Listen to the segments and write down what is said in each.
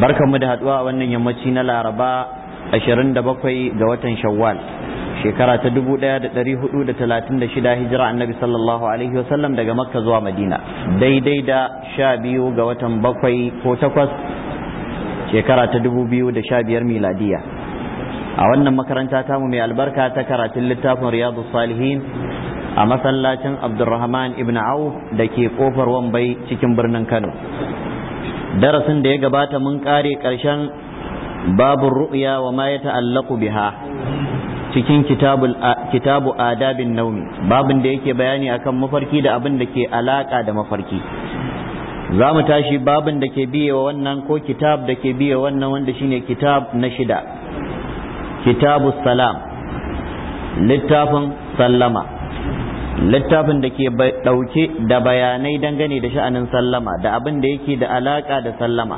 barkanmu da haduwa a wannan yammaci na laraba 27 ga watan shawwal shekara ta 1436 hijira annabi sallallahu alaihi wasallam daga makka zuwa madina daidai da 12 ga watan bakwai ko takwas shekara ta 2015 miladiya a wannan makaranta tamu mai albarka ta karatun littafin riyadu salihin a masallacin abdurrahman ibn auf da ke kofar wambai cikin birnin kano darasin da ya gabata mun kare karshen babu ru'ya wa ma ya ta'allaku biha cikin kitabu adabin naumi babin da yake bayani akan mafarki da abin da ke alaka da mafarki za mu tashi babin da ke biye wa wannan ko kitab da ke biye wannan wanda shine kitab na shida kitabu salam littafin sallama littafin da ke ɗauke da bayanai dangane da sha'anin sallama da abin da yake da alaƙa da sallama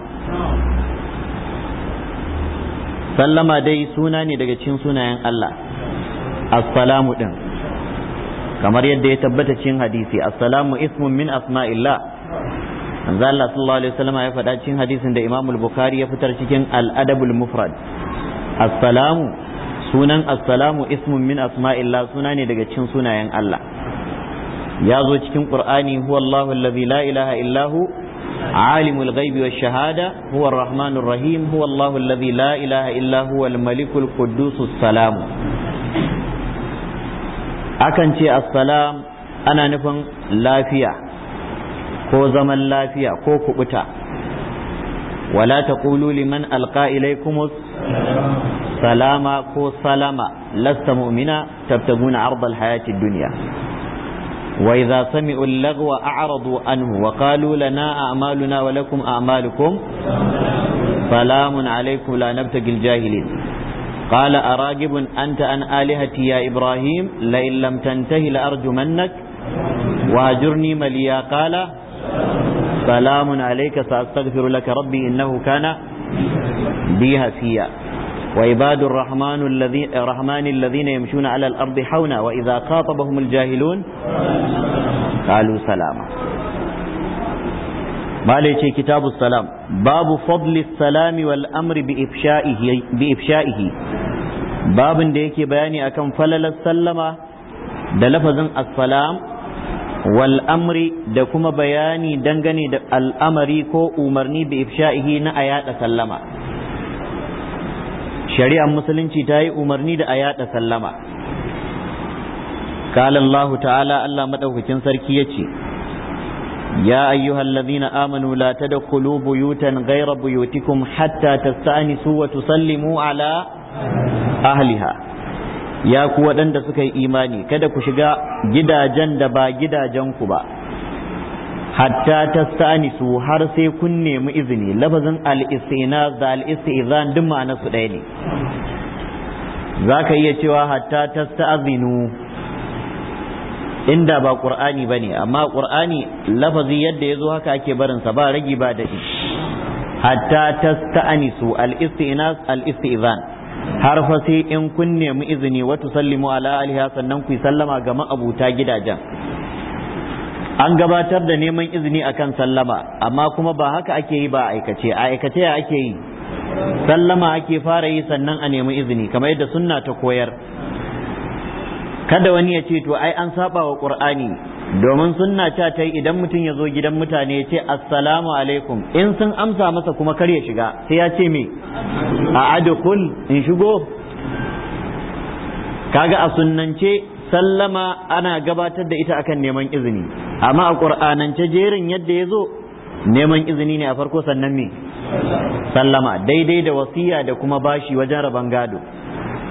sallama dai suna ne daga cin sunayen Allah assalamu ɗin kamar yadda ya tabbata cin hadisi assalamu ismun min asma'illah manzo Allah sallallahu alaihi wasallam ya faɗa cikin hadisin da Imam al-Bukhari ya fitar cikin al-Adabul Mufrad assalamu sunan assalamu ismun min asma'illah suna ne daga cikin sunayen Allah ya zo cikin qur'ani huwa Allahu allazi la ilaha illa hu alimul ghaibi wash shahada huwa arrahmanur rahim huwa Allahu allazi la ilaha illa huwa al-malikul quddusus salam akan ce assalam ana nufin lafiya ko zaman lafiya ko kubuta wala taqulu liman alqa ilaykumus salama ko salama lasta mu'mina tabtaguna ardal hayatid dunya وإذا سمعوا اللغو أعرضوا عنه وقالوا لنا أعمالنا ولكم أعمالكم سلام عليكم لا نبتغي الجاهلين قال أراجب أنت عن آلهتي يا إبراهيم لئن لم تنته لأرجمنك وهجرني مليا قال سلام عليك سأستغفر لك ربي إنه كان بي هفيا وعباد الرحمن الذين الرحمن الذين يمشون على الارض حونا واذا خاطبهم الجاهلون قالوا سلاما مالك كتاب السلام باب فضل السلام والامر بافشائه بافشائه babin da yake bayani akan falalar sallama da lafazin assalam wal amri da kuma bayani dangane da al'amari ko umarni bi ifsha'ihi na a yaɗa sallama shari'ar musulunci ta yi umarni da a yada sallama kalallahu ta'ala allah maɗaukakin sarki ya ce ya ayyuhal ladina amanu la tadkhulu buyutan gaira buyutikum hatta ta sani su wa tusallimu ala ahliha ya ku waɗanda suka yi imani kada ku shiga gidajen da ba gidajen ku ba hatta tastanisu har sai kun nemi izini lafazin al-istina da duk ma'ana su ɗaya ne zaka iya cewa hatta tastazinu inda ba qur'ani bane amma ƙur'ani lafazi yadda ya zo haka ake barinsa ba ragi ba dadi hatta tastanisu al-istinas al har fa sai in kun nemi izini wa tusallimu ala alihi sannan ku sallama ga ma'abuta gidajen an gabatar da neman izini akan sallama amma kuma ba haka ake yi ba aikace aikace ya ake yi sallama ake fara yi sannan a nemi izini kamar yadda sunna ta koyar kada wani ya ce to ai an saba wa qur'ani domin sunna ta ta idan mutum ya zo gidan mutane ya ce assalamu alaikum in sun amsa masa kuma kar ya shiga sai ya ce me a adkhul in shigo kaga a sunnance sallama ana gabatar da ita akan neman izini amma a qur'anance jerin yadda ya zo neman izini ne a farko sannan me sallama daidai da wasiya da kuma bashi wajen rabon gado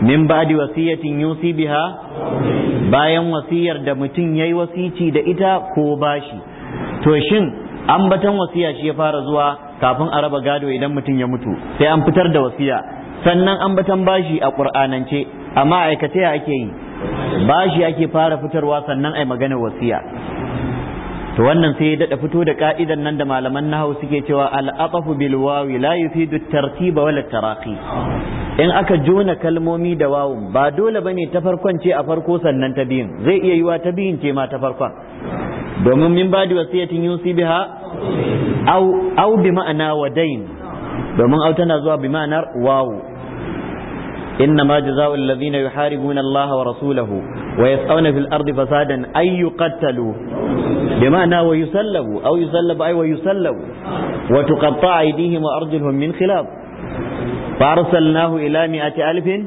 min ba'di wasiyatin yusi biha bayan wasiyar da mutum yayi wasici da ita ko bashi to shin ambatan wasiya shi ya fara zuwa kafin a raba gado idan mutum ya mutu sai an fitar da wasiya sannan ambatan bashi a qur'anance amma aikace ake yi bashi ake fara fitarwa sannan ai maganar wasiya to wannan sai ya dada fito da ka'idan nan da malaman nahawu suke cewa al-atafu bil wawi la yufidu tartiba wala taraqi in aka jona kalmomi da wawu ba dole bane ta farkon ce a farko sannan ta biyun zai iya yiwa ta biyun ce ma ta farkon domin min badi wasiyatin yusi biha aw aw bi ma'ana wadain domin aw tana zuwa bi ma'anar wawu إنما جزاء الذين يحاربون الله ورسوله ويسعون في الأرض فسادا أن يقتلوا bima'ana wa yusallabu aw yusallabu ay wa yusallabu wa tuqatta aydihim wa arjuluhum min khilaf fa arsalnahu ila mi'ati alfin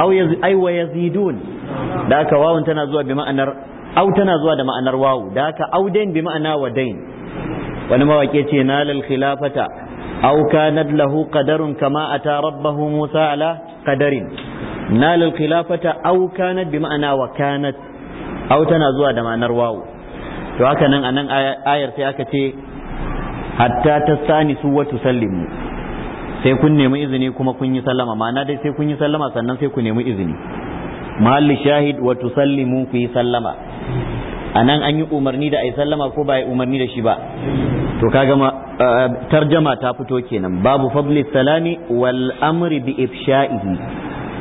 aw ay wa yazidun da aka wawun tana zuwa bi ma'anar aw tana zuwa da ma'anar wawu da aka awdain bi ma'ana wa dain wani mawaki ce na lal khilafata aw kanat lahu qadarun kama ata rabbahu musa ala qadarin na lal khilafata aw kanat bi ma'ana wa kanat aw tana zuwa da ma'anar wawu to haka nan a nan ayar sai aka ce hatta ta sani su watu sallimu sai kun nemi izini kuma kun yi sallama ma'ana dai sai kun yi sallama sannan sai ku nemi izini mahalli shahid wa tusallimu ku yi sallama a nan an yi umarni da a yi sallama ko ba a yi umarni da shi ba to kaga ma tarjama ta fito kenan babu fadli salami wal amri bi ifsha'ihi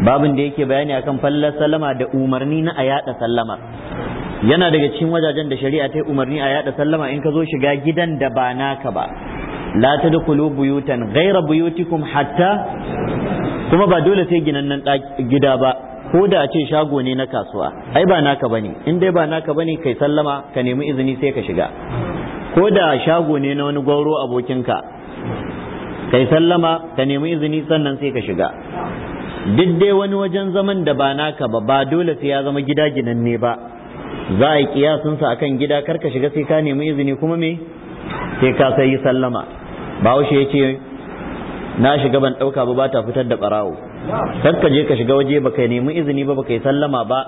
babin da yake bayani akan fallar sallama da umarni na a yada sallama yana daga cikin wajajen da shari'a ta yi umarni a yada sallama in ka zo shiga gidan da ba naka ba la tadkhulu buyutan ghayra buyutikum hatta kuma ba dole sai ginannan gida ba ko da a ce shago ne na kasuwa ai ba naka bane in dai ba naka bane kai sallama ka nemi izini sai ka shiga ko da shago ne na wani gwauro abokinka kai sallama ka nemi izini sannan sai ka shiga duk dai wani wajen zaman da ba naka ba ba dole sai ya zama gida ginanne ba za a yi kiyasin sa akan gida karka ka shiga sai ka nemi izini kuma me sai ka sai yi sallama wuce ya ce na shiga ban ɗauka ba ba ta fitar da ɓarawo kar ka je ka shiga waje ba ka nemi izini ba ba ka yi sallama ba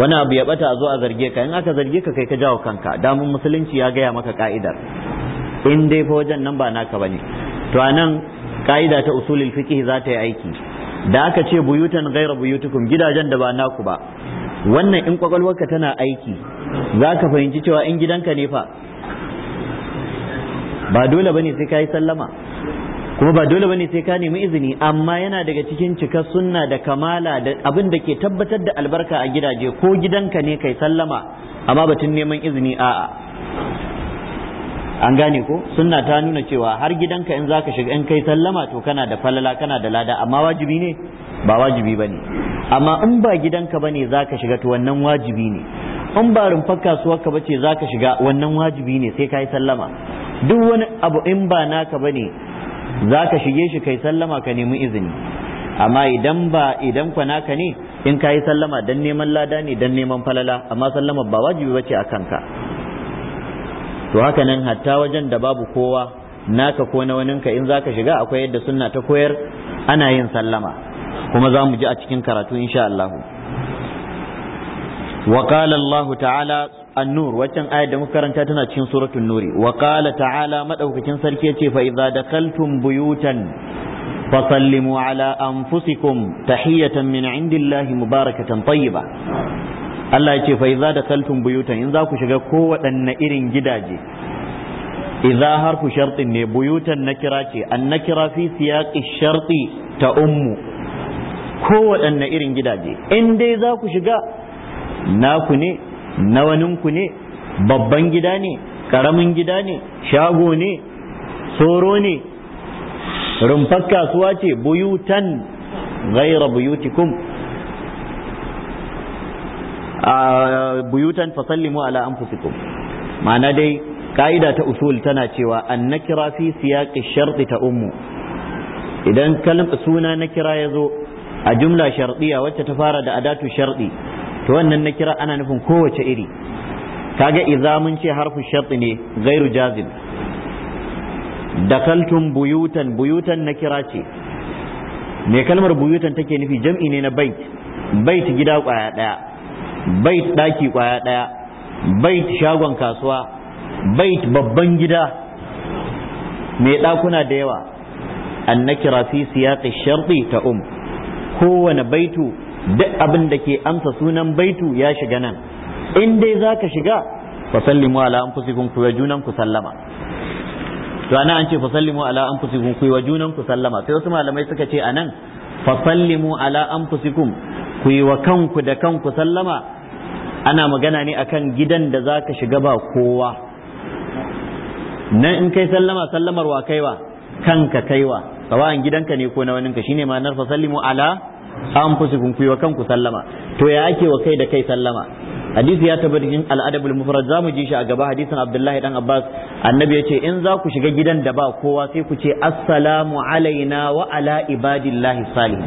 wani abu ya bata a zo a zarge ka in aka zarge ka kai ka jawo kanka damun musulunci ya gaya maka ka'idar in dai fa wajen nan ba naka bane to anan ka'ida ta usulul fiqh za ta yi aiki da aka ce buyutan ghayra buyutukum gidajen da ba naku ba wannan in kwakwalwarka tana aiki za ka fahimci cewa in gidanka ne fa ba dole bane sai ka yi sallama kuma ba dole bane sai ka nemi izini amma yana daga cikin cika suna da kamala da abin da ke tabbatar da albarka a gidaje ko gidanka ne kai sallama amma batun neman izini a'a an gane ko sunna ta nuna cewa har gidanka in zaka shiga in kai sallama to kana da falala kana da lada amma wajibi ne ba wajibi bane amma in ba gidanka bane zaka shiga to wannan wajibi ne in ba rumfar kasuwar ka bace zaka shiga wannan wajibi ne sai kai sallama duk wani abu in ba naka ba za zaka shige shi kai sallama ka nemi izini amma idan ba idan ka naka ne in kai sallama dan neman lada ne dan neman falala amma sallama ba wajibi bace a kanka to haka nan hatta wajen da babu kowa naka ko na waninka in zaka shiga akwai yadda sunna ta koyar ana yin sallama kuma za mu ji a cikin karatu insha Allah wa ta'ala an-nur waccan da muka karanta tana cikin suratul nuri wa ta'ala madaukakin sarki yace fa idza dakaltum buyutan fasallimu ala anfusikum tahiyatan min indillahi mubarakatan tayyiba Allah yace fa idza dakaltum buyutan in za ku shiga kowaɗanne irin gidaje idza harfu shartin ne buyutan nakira ce an nakira fi siyaqi sharti ta ummu Ko waɗanne irin gidaje in dai za ku shiga naku ne na ne babban gida ne ƙaramin gida ne shago ne tsoro ne rumfar kasuwa ce buyutan gaira buyutikum a buyutan fasallimu ala anfusikum ma'ana dai ka'ida ta usul tana cewa an na kira fi siyaƙi sharɗi ta ummu idan kalmar suna na kira ya zo a jumla shardiya wacce ta fara da adatu shardi to wannan na kira ana nufin kowace iri kaga idza mun ce harfu shardi ne gairu jazim dakaltum buyutan buyutan na kira ce me kalmar buyutan take nufi jam'i ne na bait bait gida kwaya daya bait daki kwaya daya bait shagon kasuwa bait babban gida mai dakuna da yawa annakira fi siyaqi shardi ta um kowane baitu duk abin da ke amsa sunan baitu ya shiga nan in dai za ka shiga fasallimu ala an anfusikum ku wa junan ku sallama to ana an ce fasallimu ala an anfusikum ku wa junan ku sallama sai wasu malamai suka ce anan fasallimu ala anfusikum ku yi wa kanku da kanku sallama ana magana ne akan gidan da za ka shiga ba kowa nan in kai sallama sallamar wa kaiwa kanka kaiwa sawa'an gidanka ne ko na waninka shine ma'anar fasallimu ala an fusi kun wa kanku sallama to ya ake wa kai da kai sallama hadisi ya tabbata cikin al'adabul mufrad zamu ji shi a gaba hadisin abdullahi dan abbas annabi ya ce in za ku shiga gidan da ba kowa sai ku ce assalamu alaina wa ala ibadillahi salih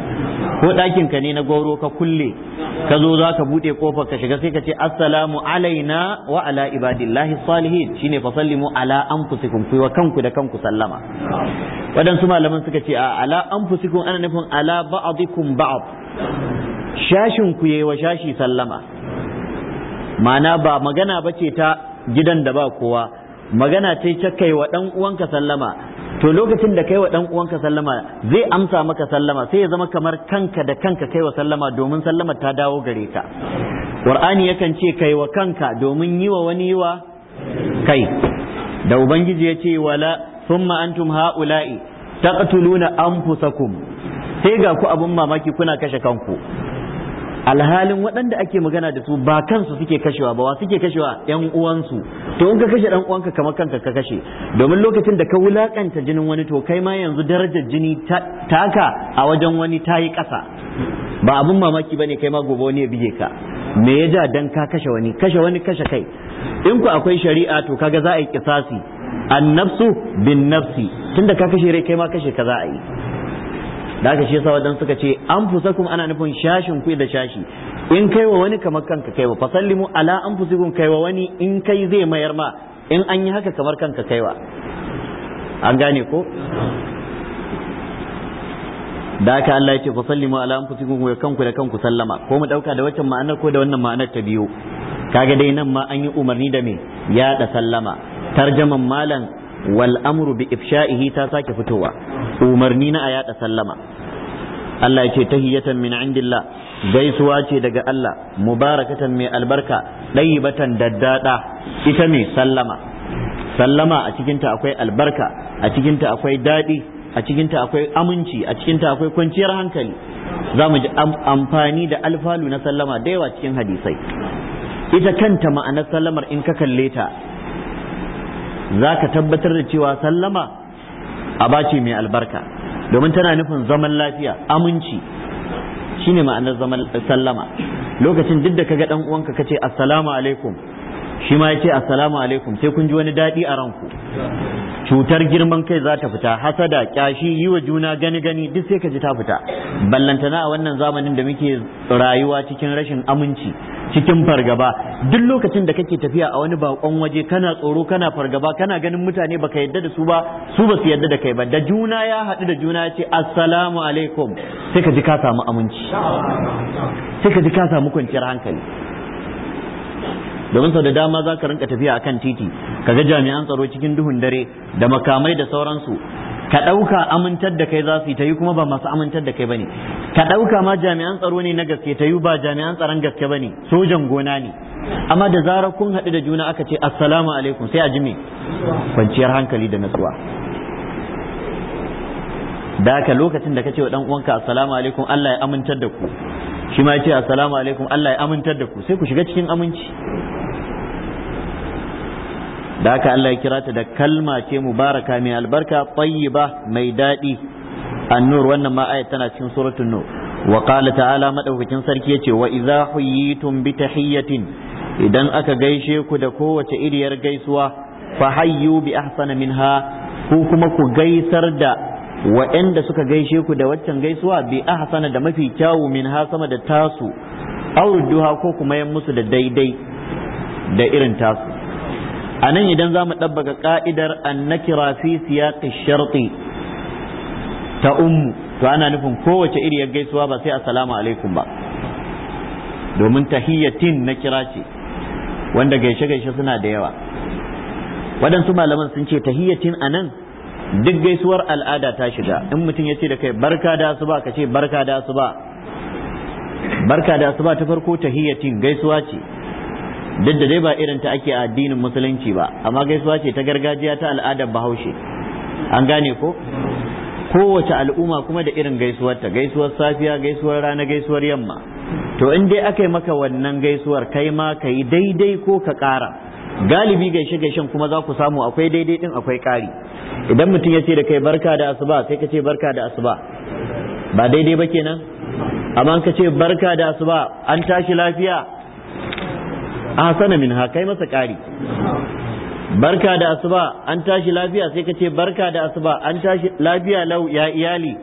ko ɗakin ka ne na goro ka kulle ka zo za ka buɗe kofar ka shiga sai ka ce assalamu alaina wa ala ibadillahi salihin shine fa sallimu ala anfusikum ku wa kanku da kanku sallama waɗansu malaman suka ce a ala anfusikum ana nufin ala ba'dikum ba'd shashin ku yayi wa shashi sallama ma'ana ba magana ba ce ta gidan da ba kowa magana ce ta kai wa ɗan uwanka sallama to lokacin da kai wa ɗan uwanka sallama zai amsa maka sallama sai ya zama kamar kanka da kanka kai wa sallama domin sallama ta dawo gare ka qur'ani yakan ce kai wa kanka domin yi wa wani yi kai da ubangiji ya ce wala thumma antum ha'ula'i taqtuluna anfusakum sai ga ku abun mamaki kuna kashe kanku alhalin waɗanda ake magana da su ba kansu suke kashewa ba wa suke kashewa yan uwansu to in ka kashe dan uwanka kamar kanka ka kashe domin lokacin da ka wulakanta jinin wani to kai ma yanzu darajar jini taka a wajen wani ta yi ƙasa ba abun mamaki bane kai ma gobe wani ya bige ka me ya ja dan ka kashe wani kashe wani kashe kai in ku akwai shari'a to kaga za a yi kisasi annafsu bin nafsi tunda ka kashe rai kai ma kashe ka za a yi da aka shi sawa wadan suka ce an anfusakum ana nufin shashin ku da shashi in kai wa wani kamar kanka kai wa fasallimu ala an anfusikum kai wa wani in kai zai mayar ma in an yi haka kamar kanka kai wa an gane ko da aka Allah ya ce fasallimu ala an anfusikum wa kanku da kanku sallama ko mu dauka da waccan ma'anar ko da wannan ma'anar ta biyu kaga dai nan ma an yi umarni da me ya da sallama tarjaman malam wal amru bi ifsha'ihi ta sake fitowa umarni na a yada sallama Allah ya ce tahiyatan min indillah gaisuwa ce daga Allah mubarakatan mai albarka dayyibatan daddada ita ne sallama sallama a cikinta akwai albarka a cikinta akwai daɗi a cikinta akwai aminci a cikinta akwai kwanciyar hankali za ji amfani da alfalu na sallama da yawa cikin hadisai ita kanta ma'anar sallamar in ka kalle ta za ka tabbatar da cewa sallama aba ce mai albarka domin tana nufin zaman lafiya aminci shine ma'anar zaman sallama lokacin duk da kaga dan uwanka ce assalamu alaikum shi ma ce assalamu alaikum sai kun ji wani daɗi a ranku cutar girman kai za ta fita hasada kyashi yi wa juna gani gani duk sai ka ji ta fita ballantana a wannan zamanin da muke rayuwa cikin rashin aminci cikin fargaba duk lokacin da kake tafiya a wani bakon waje kana tsoro kana fargaba kana ganin mutane baka yadda da su ba su ba su yadda da kai ba da juna ya haɗu da juna ya ce assalamu alaikum sai ka ji ka samu aminci sai ka ji ka samu kwanciyar hankali domin sau da dama za ka rinka tafiya akan titi ka ga jami'an tsaro cikin duhun dare da makamai da sauransu ka ɗauka amintar da kai za su yi ta yi kuma ba masu amintar da kai ba ne ka ɗauka ma jami'an tsaro ne na gaske ta yi ba jami'an tsaron gaske ba ne sojan gona ne amma da zarar kun haɗu da juna aka ce assalamu alaikum sai a ji me kwanciyar hankali da natsuwa da haka lokacin da ka ce wa ɗan uwanka assalamu alaikum Allah ya amintar da ku shi ma ya ce assalamu alaikum Allah ya amintar da ku sai ku shiga cikin aminci da haka Allah ya kira ta da kalma ce mubaraka mai albarka tayyiba mai daɗi annur wannan ma ayat tana cikin suratul nur wa qala ta'ala madaukakin sarki yace wa idza huyitum bi tahiyyatin idan aka gaishe ku da kowace iriyar gaisuwa fa hayyu bi ahsana minha ku kuma ku gaisar da waɗanda suka gaishe ku da waccan gaisuwa bi ahsana da mafi kyawu minha sama da tasu duha ko kuma yan musu da daidai da irin tasu a nan idan za mu ɗabbaka ka'idar annakira fi siyaqi sharti ta ummu to ana nufin kowace ya gaisuwa ba sai assalamu alaikum ba domin tahiyyatin nakira ce wanda gaishe-gaishe suna da yawa waɗansu malaman sun ce tahiyyatin a nan duk gaisuwar al'ada ta shiga in mutum ya ce da kai barka da su ba ka ce barka da su ba barka da su ba ta farko tahiyyatin gaisuwa ce duk da dai ba irin ta ake addinin musulunci ba amma gaisuwa ce ta gargajiya ta al'adar bahaushe an gane ko kowace al'umma kuma da irin gaisuwarta gaisuwar safiya gaisuwar rana gaisuwar yamma to in dai aka yi maka wannan gaisuwar kai ma ka yi daidai ko ka kara. galibi gaishe gaishen kuma za ku samu akwai daidai din akwai kari. idan mutum ya ce da kai barka da asuba sai ka ce barka da asuba ba daidai ba kenan amma ka ce barka da asuba an tashi lafiya min ha, kai masa ƙari barka da asuba an tashi lafiya sai ka ce barka da asuba an tashi lafiya lau ya iyali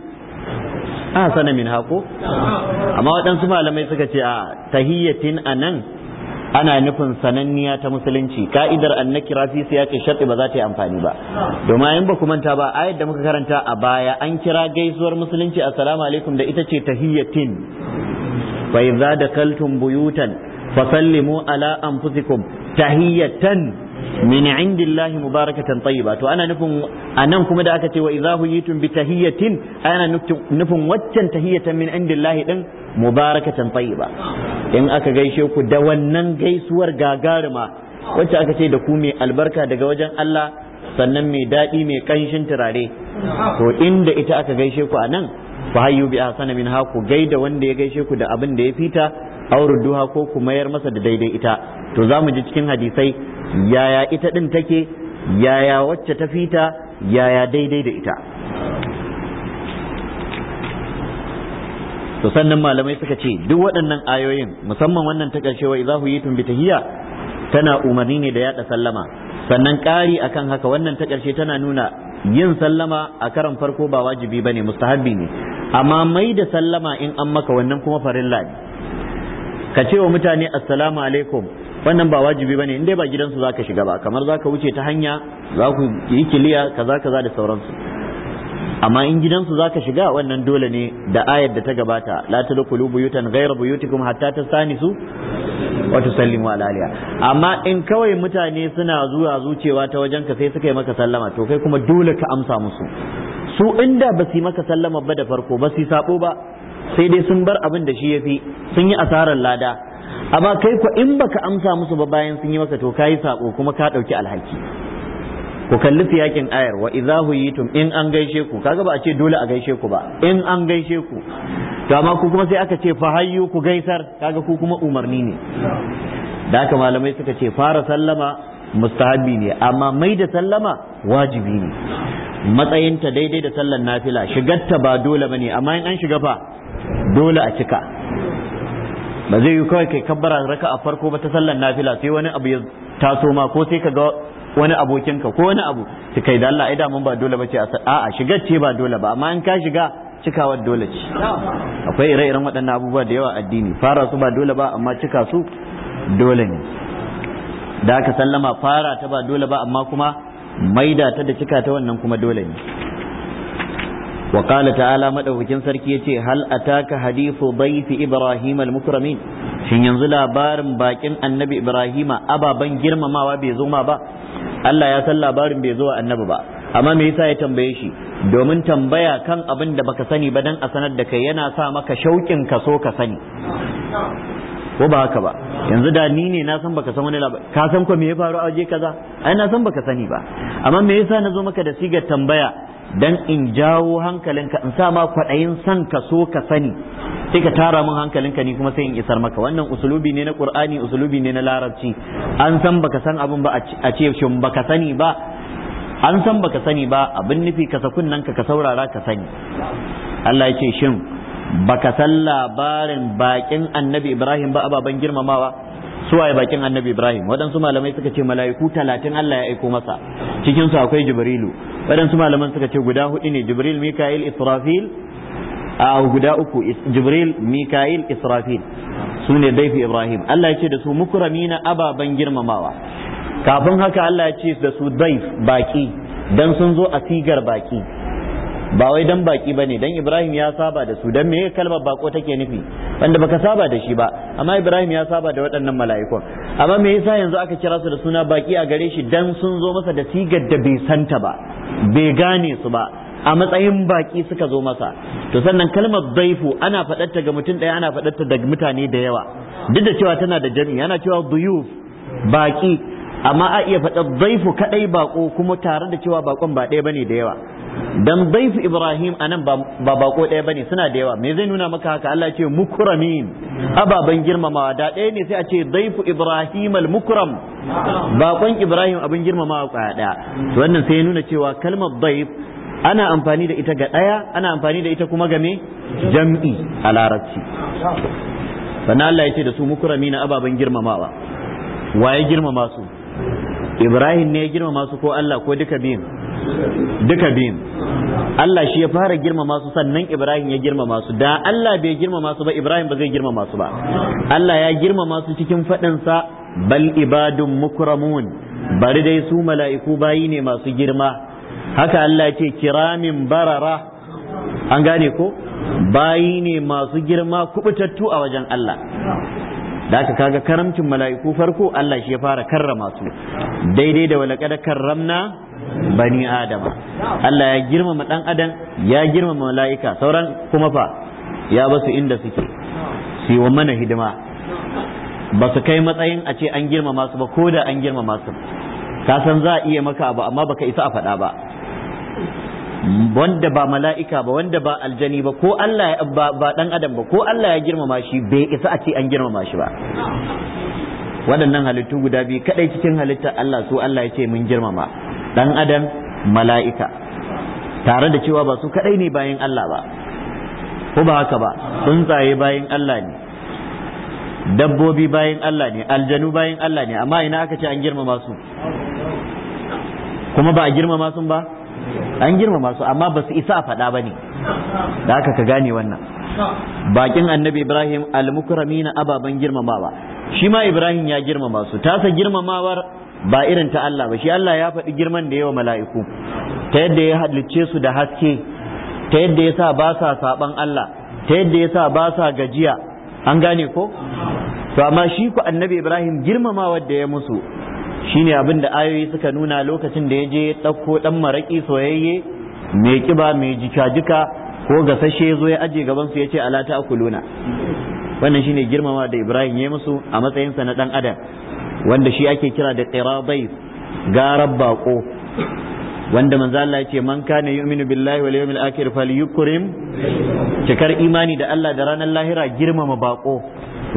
A sana min ko amma waɗansu malamai suka ce a tahiyyatin a nan, ana nufin sananniya ta musulunci ka'idar an annakira fi siyaqi sharti ba za ta yi amfani ba domin in ba manta ba ayar da muka karanta a baya an kira gaisuwar musulunci assalamu alaikum da ita ce tahiyyatin fa da kaltun buyutan fasallimu ala anfusikum tahiyatan min indillahi mubarakatan tayyiba to ana nufin anan kuma da aka ce wa idza huyitum bi tahiyatin ana nufin waccan tahiyatan min indillahi din mubarakatan tayyiba in aka gaishe ku da wannan gaisuwar gagaruma wacce aka ce da ku mai albarka daga wajen Allah sannan mai daɗi mai kanshin turare to inda ita aka gaishe ku a nan. fahayyu bi ahsana min ku gaida wanda ya gaishe ku da abin da ya fita auru duha ko ku mayar masa da daidai ita to zamu ji cikin hadisai yaya ita din take yaya wacce ta fita yaya daidai da ita to sannan malamai suka ce duk waɗannan ayoyin musamman wannan ta ƙarshe wa yi yitum bi tahiyya tana umarni ne da yada sallama sannan ƙari akan haka wannan ta ƙarshe tana nuna yin sallama a karan farko ba wajibi bane mustahabbi ne amma mai da sallama in an maka wannan kuma farilla ne ka ce wa mutane assalamu alaikum wannan ba wajibi bane in dai ba gidansu zaka shiga ba kamar zaka wuce ta hanya za ku yi kiliya kaza kaza da sauransu amma in gidansu zaka shiga wannan dole ne da ayar da ta gabata la tadkhulu buyutan ghayra buyutikum hatta tasanisu wa tusallimu ala aliya amma in kawai mutane suna zuwa zucewa ta wajen sai suka yi maka sallama to kai kuma dole ka amsa musu su inda ba su yi maka sallama ba da farko ba su sabo ba sai dai sun bar abin da shi ya fi sun yi asarar lada amma kai ku in baka amsa musu ba bayan sun yi maka to kayi sabo kuma ka ɗauki alhaki ku kalli yakin ayar wa idza huyitum in an gaishe ku kaga ba a ce dole a gaishe ku ba in an gaishe ku to amma ku kuma sai aka ce fa hayyu ku gaisar kaga ku kuma umarni ne da haka malamai suka ce fara sallama mustahabi ne amma mai da sallama wajibi ne matsayinta daidai da sallar nafila shigarta ba dole bane amma in an shiga fa dole a cika ba zai yi kawai kai kabbara raka a farko ba ta sallar nafila sai wani abu ya taso ma ko sai ka ga wani abokinka ko wani abu sai kai da Allah ai da mun ba dole bace a'a shigar ce ba dole ba amma in ka shiga cikawar dole ce akwai ire-iren waɗannan abubuwa da yawa addini fara su ba dole ba amma cika su dole ne da aka sallama fara ta ba dole ba amma kuma maida ta da cika ta wannan kuma dole ne wa ta'ala madaukakin sarki yace hal ataka hadithu dayfi ibrahim al-mukramin shin yanzu labarin bakin annabi ibrahima ababan girmamawa bai zo ma ba Allah ya san labarin bai zo annabi ba amma me yasa ya tambaye shi domin tambaya kan abin da baka sani ba dan a sanar da kai yana sa maka shaukin ka so ka sani ko ba haka ba yanzu da ni ne na san baka san wani labari ka san ko me ya faru a waje kaza ai na san baka sani ba amma me yasa na zo maka da sigar tambaya dan in jawo hankalinka in sa ma kwaɗayin san ka so ka sani sai ka tara min hankalinka ni kuma sai in isar maka wannan usulubi ne na qur'ani usulubi ne na larabci an san baka san abin ba a ce shin baka sani ba an san baka sani ba abin nufi ka sakun nan ka ka saurara ka sani Allah ya ce shin baka san labarin bakin annabi ibrahim ba ababen girmamawa suwaye bakin annabi ibrahim waɗansu malamai suka ce mala'iku talatin allah ya aiko masa cikinsu akwai jibrilu waɗansu malaman suka ce guda hudu ne jibril mika'il israfil a guda uku jibril mika'il israfil su ne daifi ibrahim allah ya ce da su mukurami na ababen girmamawa kafin haka allah ya ce da su daif baki dan sun zo a sigar baki ba wai dan baki bane dan Ibrahim ya saba da su dan me kalmar bako take nufi wanda baka saba da shi ba amma Ibrahim ya saba da waɗannan mala'ikun amma me yasa yanzu aka kira su da suna baki a gare shi dan sun zo masa da sigar da bai santa ba bai gane su ba a matsayin baki suka zo masa to sannan kalmar daifu ana ta ga mutum ɗaya ana ta da mutane da yawa duk da cewa tana da jami ana cewa duyuf baki amma a iya faɗa daifu kaɗai bako kuma tare da cewa bakon ba ɗaya bane da yawa dan daif ibrahim anan ba bako ɗaya bane suna da yawa me zai nuna maka haka Allah ce mukramin ababan girmamawa da ɗaya ne sai a ce daifu ibrahim al mukram bakon ibrahim abin girmamawa kwaya ɗaya to wannan sai ya nuna cewa kalmar daif ana amfani da ita ga ɗaya ana amfani da ita kuma ga me jam'i a larabci sannan Allah ya ce da su mukramin ababan girmamawa waye girmama su ibrahim ne ya girmama su ko Allah ko duka biyun duka biyun Allah shi ya fara girmama su sannan Ibrahim ya girmama su da Allah bai girmama su ba Ibrahim ba zai girmama su ba Allah ya girmama su cikin faɗinsa bal ibadun mukramun bari dai su mala'iku bayi ne masu girma haka Allah ce kiramin barara an gane ko bayi ne masu girma kubutattu a wajen Allah da aka kaga karamcin mala'iku farko Allah shi ya fara karrama su daidai da walakada karramna bani adama Allah ya girmama dan adam ya girmama mala'ika sauran kuma fa ya basu inda suke su wa mana hidima ba su kai matsayin a ce an girmama su ba ko da an girmama su ka san za a iya maka abu amma baka isa a faɗa ba wanda ba mala'ika ba wanda ba aljani ba ko Allah ba dan adam ba ko Allah ya girmama shi bai isa a ce an girmama shi ba waɗannan halittu guda biyu kadai cikin halitta Allah su Allah ya ce mun girmama dan adam mala'ika tare da cewa ba su kadai ne bayan Allah ba ko ba haka ba tsuntsaye bayan Allah ne dabbobi bayan Allah ne aljanu bayan Allah ne amma ina aka ce an girmama su kuma ba a girmama sun ba an girmama su amma ba su isa a faɗa ba ne da aka ka gane wannan bakin annabi ibrahim almukrami na ababen girmamawa shi ma ibrahim ya girmama su tasa girmamawar ba irin ta Allah ba shi Allah ya faɗi girman da yawa mala'iku ta yadda ya halicce su da haske ta yadda ya sa ba sa saɓan Allah ta yadda ya sa ba sa gajiya an gane ko to amma shi ku annabi Ibrahim girmamawar da ya musu Shi ne abin da ayoyi suka nuna lokacin da ya je ya ɗauko ɗan maraƙi soyayye mai ƙiba, mai jika-jika ko gasashe zo ya aje gaban su ya ce ala ta akuluna wannan shi ne girmama da Ibrahim ya musu a matsayinsa na ɗan adam wanda shi ake kira da bai garar bako wanda Manzala Allah ya ce man kana yu'minu billahi wal yawmil akhir falyukrim cikar imani da Allah da ranar lahira girmama bako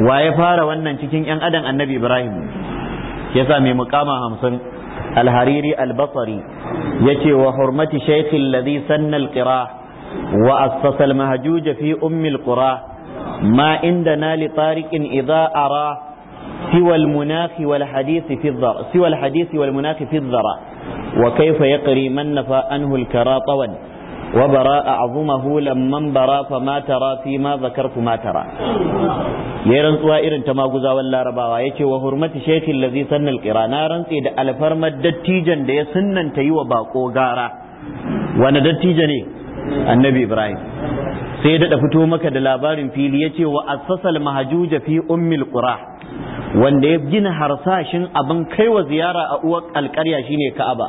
wa ya fara wannan cikin yan adam annabi Ibrahim yasa mai mukama hamsin alhariri albasari yace wa hurmati shaykhi alladhi sanna alqira wa assasa almahjuj fi ummi alqura ma indana li tariqin idha ara سوى المناخ والحديث في الضر سوى الحديث والمناخ في الضر وكيف يقري من نفى أنه الكرى طوى وبراء أعظمه لما برا فما ترى فيما ذكرت ما ترى يرن سوى إرن تماغزا ولا ربا ويكي وهرمة شيخ الذي سن القراء نارا سيد ألفرم الدتيجا دي سنا تيوى باقو غارا وانا دتيجا النبي إبراهيم سيدة فتومك دلابار في ليتي وأسس المهجوج في أم القراء wanda ya gina harsashin abin kaiwa ziyara a uwar alkarya shine ka'aba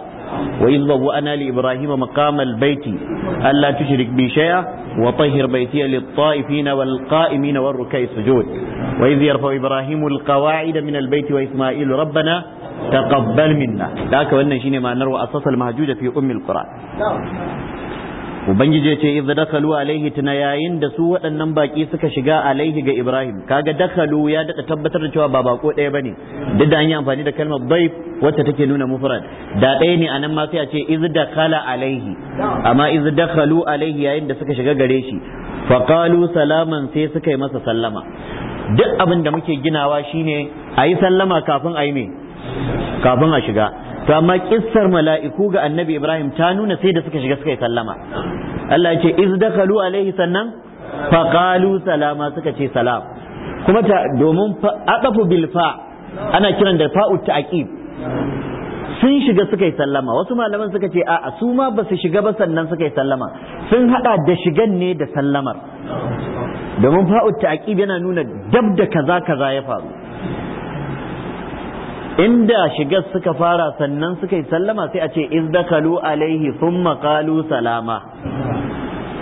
wa idh ana li ibrahima maqamal baiti alla tushrik bi shay'a wa tahhir baytiya lit ta'ifina wal qa'imin war ruk'i sujud wa idh yarfa ibrahimu al qawa'ida min al baiti wa isma'il rabbana taqabbal minna da haka wannan shine ma'anar wa asasal mahjuda fi ummi al qur'an ubangiji ya ce idza dakalu alaihi tuna yayin da su waɗannan baki suka shiga alaihi ga ibrahim kaga dakalu ya dada tabbatar da cewa ba bako ɗaya bane duk da an yi amfani da kalmar daif wacce take nuna mufrad da ɗaya ne anan ma sai a ce idza dakala alaihi amma idza dakalu alaihi yayin da suka shiga gare shi qalu salaman sai suka yi masa sallama duk abin da muke ginawa shine ayi sallama kafin a yi me kafin a shiga to amma kissar mala'iku ga annabi ibrahim ta nuna sai da suka shiga suka yi sallama Allah ya ce iz dakhalu alaihi sannan faqalu salama suka ce salam kuma ta domin adafu bil fa ana kiran da fa'u ta'qib sun shiga suka yi sallama wasu malaman suka ce a'a su ma ba su shiga ba sannan suka yi sallama sun hada da shigan ne da sallamar domin fa'u ta'qib yana nuna dab da kaza kaza ya faru inda shigar suka fara sannan suka yi sallama sai a ce izdakalu alaihi thumma qalu salama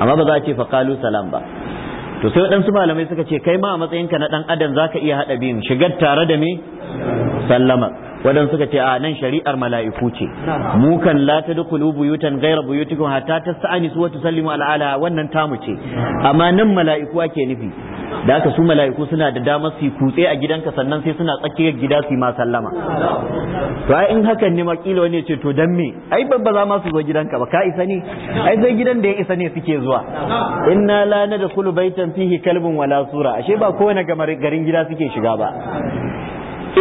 amma ba za a ce fa qalu salam ba to sai waɗansu malamai suka ce kai ma a matsayinka na ɗan adam zaka iya haɗa biyun shigar tare da me sallama wadan suka ce a nan shari'ar mala'iku ce mu kan la tadkhulu buyutan ghayra buyutikum hatta tasta'nisu wa tusallimu al'ada ala wannan tamu ce amma nan mala'iku ake nufi da haka su mala'iku suna da damar su kutse a gidanka sannan sai suna tsakiyar gida su ma sallama to ai in hakan ne makila wani ce to dan me ai babba za ma su zo gidanka ba ka isa ne ai sai gidan da ya isa ne suke zuwa inna la Kulu baitan fihi kalbun wala sura ashe ba kowane garin gida suke shiga ba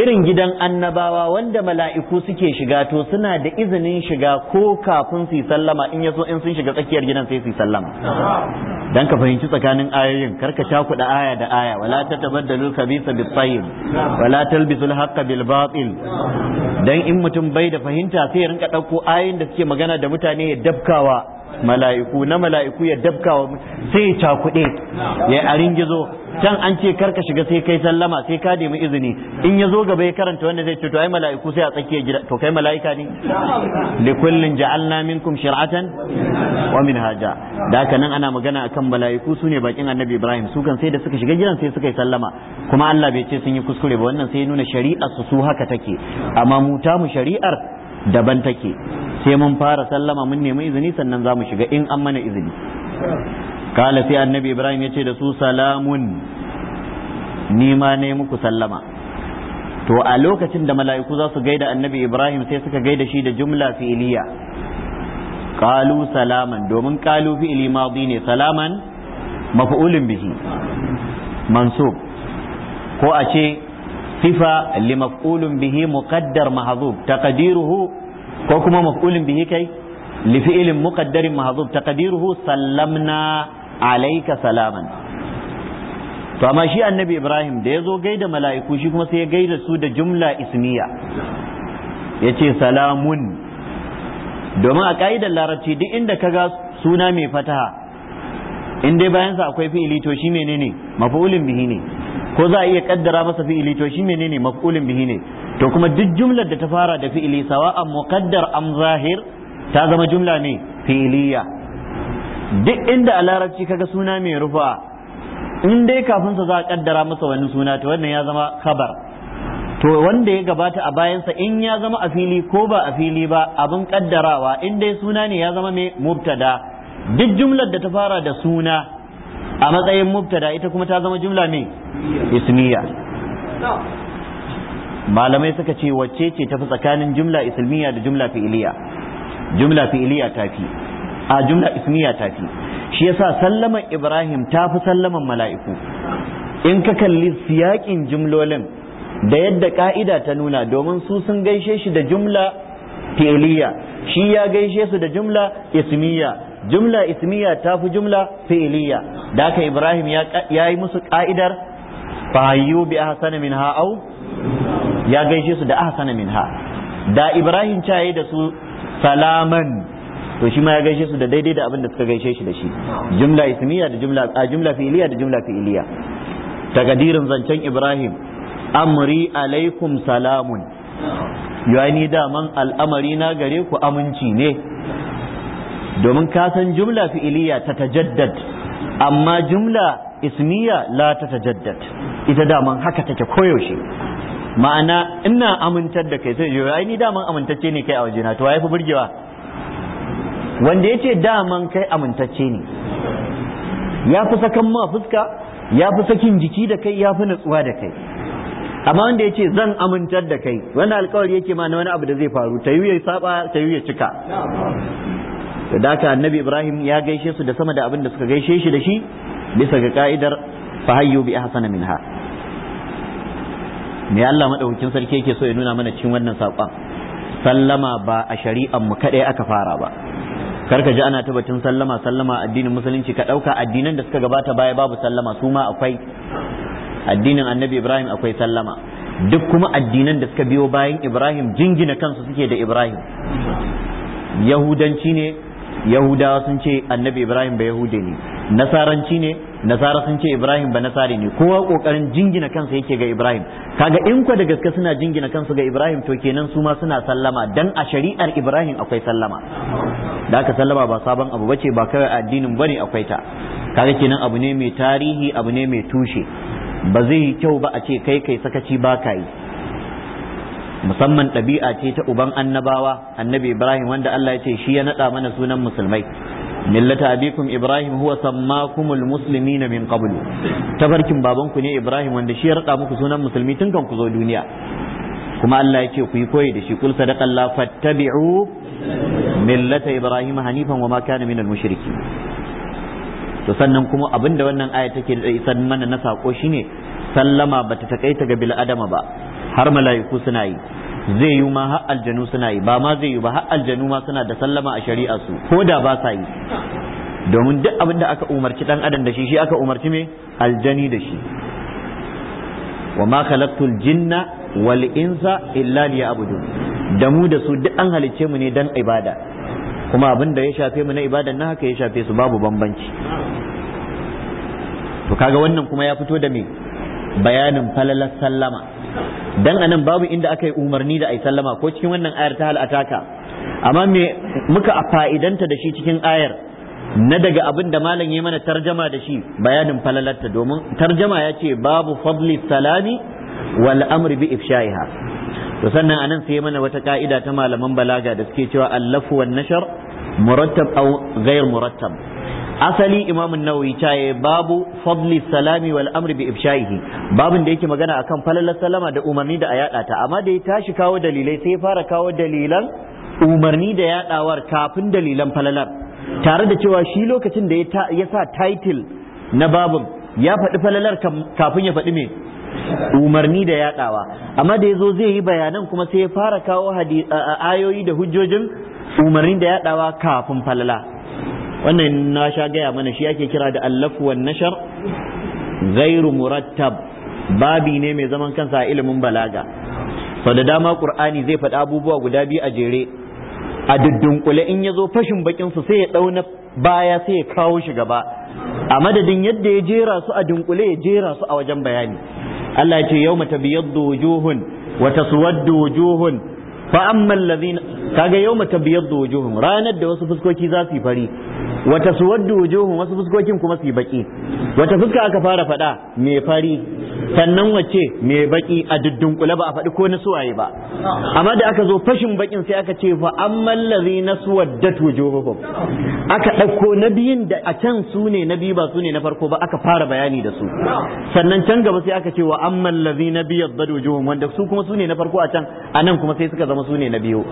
irin gidan annabawa wanda mala'iku suke shiga to suna da izinin shiga ko kafin su yi sallama in yaso in sun shiga tsakiyar gidan sai su yi sallama dan ka fahimci tsakanin ayoyin karka kuɗa aya da aya wala tatabaddalu khabisa bit tayyib wala talbisul haqqo bil batil dan in mutum bai da fahimta sai ya rinka dauko ayoyin da suke magana da mutane ya dabkawa mala'iku na mala'iku ya dabkawa sai ya cakuɗe ya arin gizo can an ce karka shiga sai kai sallama sai ka nemi izini in ya zo gaba ya karanta wanda zai ce to ai mala'iku sai a tsakiyar gida to kai mala'ika ne li kullin ja'alna minkum shir'atan wa minhaja da haka nan ana magana akan mala'iku su ne bakin annabi Ibrahim su kan sai da suka shiga gidan sai suka yi sallama kuma Allah bai ce sun yi kuskure ba wannan sai ya nuna shari'ar su su haka take amma mu ta mu shari'ar daban take sai mun fara sallama mun nemi izini sannan za mu shiga in an mana izini kala sai annabi ibrahim ya ce da su salamun ni ma ne muku sallama to a lokacin da mala'iku za su gaida annabi ibrahim sai suka gaida shi da jumla fi'iliya qalu salaman domin qalu fi'ili madi ne salaman maf'ulun bihi mansub ko a ce sifa li maf'ulun bihi muqaddar mahzub taqdiruhu ko kuma maf'ulun bihi kai li fi'lin muqaddarin mahzub taqdiruhu sallamna alayka salaman to amma shi annabi ibrahim da yazo gaida mala'iku shi kuma sai ya gaida su da jumla ismiya yace salamun domin a ka'idar larabci duk inda kaga suna mai fataha in dai bayan sa akwai fi'ili to shi menene maf'ulin bihi ne ko za a iya kaddara masa fi'ili to shi menene maf'ulin bihi ne to kuma duk jumlar da ta fara da fi'ili sawa'an muqaddar am zahir ta zama jumla ne fi'iliya duk inda a larabci kaga suna mai rufa in dai kafin sa za a kaddara masa wani suna to wannan ya zama khabar to wanda ya gabata a bayansa in ya zama a fili ko ba a fili ba abin kaddarawa in dai suna ne ya zama mai mubtada duk jumlar da ta fara da suna a matsayin mubtada ita kuma ta zama jumla ne? ismiya malamai suka ce wacce ce tafi tsakanin jumla ismiya da jumla fi'iliya jumla fi'iliya ta fi a jumla ismiya ta fi shi yasa sallaman ibrahim ta fi sallaman mala'iku in ka kalli siyakin jumlolin da yadda ka'ida ta nuna domin su sun gaishe shi da jumla fi'iliya shi ya gaishe su da jumla ismiya jumla ismiya ta fi jumla fi'iliya da aka ibrahim ya yi musu ka'idar hayyu bi ahsana minha au ya gaishe su da ahsana minha da ibrahim caye da su salaman to shi ma ya gaishe su da daidai da abin da suka gaishe shi da shi jumla ismiya da jumla a jumla fi'iliya da jumla fi'iliya takadirin zancen ibrahim amri alaikum salamun da daman al'amari na gare ku aminci ne domin ka san jumla fi'iliya ta tajaddad amma jumla ismiya la ta tajaddad ita daman haka take koyaushe ma'ana ina amintar da kai sai yi ai ni daman amintacce ne kai a wajena to ya fi burgewa wanda ya ce daman kai amintacce ne ya fi sakan ma fuska ya fi sakin jiki da kai ya fi natsuwa da kai amma wanda ya ce zan amintar da kai wani alkawari yake ma na wani abu da zai faru ta yi ya saba ta yi ya cika da daka annabi ibrahim ya gaishe su da sama da abin da suka gaishe shi da shi bisa ga ka'idar hayyu bi ahsana minha me Allah madaukakin sarki yake so ya nuna mana cikin wannan saƙon sallama ba a shari'an mu kadai aka fara ba karka ji ana tabbatin sallama sallama addinin musulunci ka ɗauka addinan da suka gabata baya babu sallama su ma akwai addinin annabi ibrahim akwai sallama duk kuma addinan da suka biyo bayan ibrahim jingina kansu suke da ibrahim yahudanci ne yahudawa sun ce annabi ibrahim ba yahude ne nasaranci ne nasara sun ce ibrahim ba nasari ne kowa kokarin jingina kansa yake ga ibrahim kaga in kwa da gaske suna jingina kansu ga ibrahim to kenan su ma suna sallama dan a shari'ar ibrahim akwai sallama da aka sallama ba sabon abu bace ba kawai addinin bane akwai ta kaga kenan abu ne mai tarihi abu ne mai tushe ba zai yi kyau ba a ce kai kai sakaci ba ka yi musamman ɗabi'a ce ta uban annabawa annabi ibrahim wanda allah ya ce shi ya naɗa mana sunan musulmai millata abikum ibrahim huwa sammakumul muslimina min qablu tabarkin babanku ne ibrahim wanda shi ya raɗa muku sunan musulmi tun kan ku zo duniya kuma allah ya ce ku yi koyi da shi kul sadaqa allah fattabi'u millata ibrahim hanifan wa ma kana minal mushriki to sannan kuma abinda wannan aya take da isan mana na sako shine sallama bata takaita ga bil adama ba har mala'iku suna yi zai yi ma har aljanu suna yi ba ma zai yi ba har aljanu ma suna da sallama a shari'a su ko da ba sa yi domin duk abin da aka umarci dan adam da shi shi aka umarci me aljani da shi wa ma khalaqtul jinna wal insa illa liya'budun da mu da su duk an halicce mu ne dan ibada kuma abin da ya shafe mu na ibadan na haka ya shafe su babu bambanci to kaga wannan kuma ya fito da me bayanin falalar sallama dan anan babu inda aka yi umarni da ai sallama ko cikin wannan ayar ta hal'ataka amma me muka fa'idanta da shi cikin ayar na daga abin da malam ya mana tarjama da shi bayanin falalarta domin tarjama ya ce babu fadli salami wal amri bi ifsha'iha to sannan anan sai mana wata ka'ida ta malaman balaga da suke cewa allafu wan nashar murattab aw ghair murattab asali imamun nawawi ta babu fadli salami wal amri bi ifsha'ihi babin da yake magana akan falalar salama da umarni da a yada ta amma da ya tashi kawo dalilai sai fara kawo dalilan umarni da yadawar kafin dalilan falalar tare da cewa shi lokacin da ya sa title na babin ya faɗi falalar kafin ya faɗi me umarni da yadawa amma da ya zo zai yi bayanan kuma sai ya fara kawo ayoyi da hujjojin umarni da yadawa kafin falala wannan na sha gaya mana shi ake kira da allafu wan nashar ghairu murattab babi ne mai zaman kansa a ilimin balaga sau da dama qur'ani zai faɗi abubuwa guda biyu a jere a dudunkule in ya zo fashin bakin su sai ya ɗauna baya sai ya kawo shi gaba a madadin yadda ya jera su a dunkule ya jera su a wajen bayani Allah ya ce yau mata wujuhun wa taswaddu wujuhun fa amma allazina kaga yawma tabyaddu wujuhum ranar da wasu fuskoki za su yi fari wa taswaddu wujuhum wasu fuskokin kuma su yi baki wata fuska aka fara faɗa me fari sannan wace me baki a dudunkule ba a faɗi ko na suwaye ba amma da aka zo fashin bakin sai aka ce fa amma allazina suwaddat wujuhuhum aka ɗauko na biyun da a can su ne na biyu ba su ne na farko ba aka fara bayani da su sannan can gaba sai aka ce wa amma allazina biyaddad wujuhum wanda su kuma su ne na farko a can anan kuma sai suka zama kuma su ne na biyu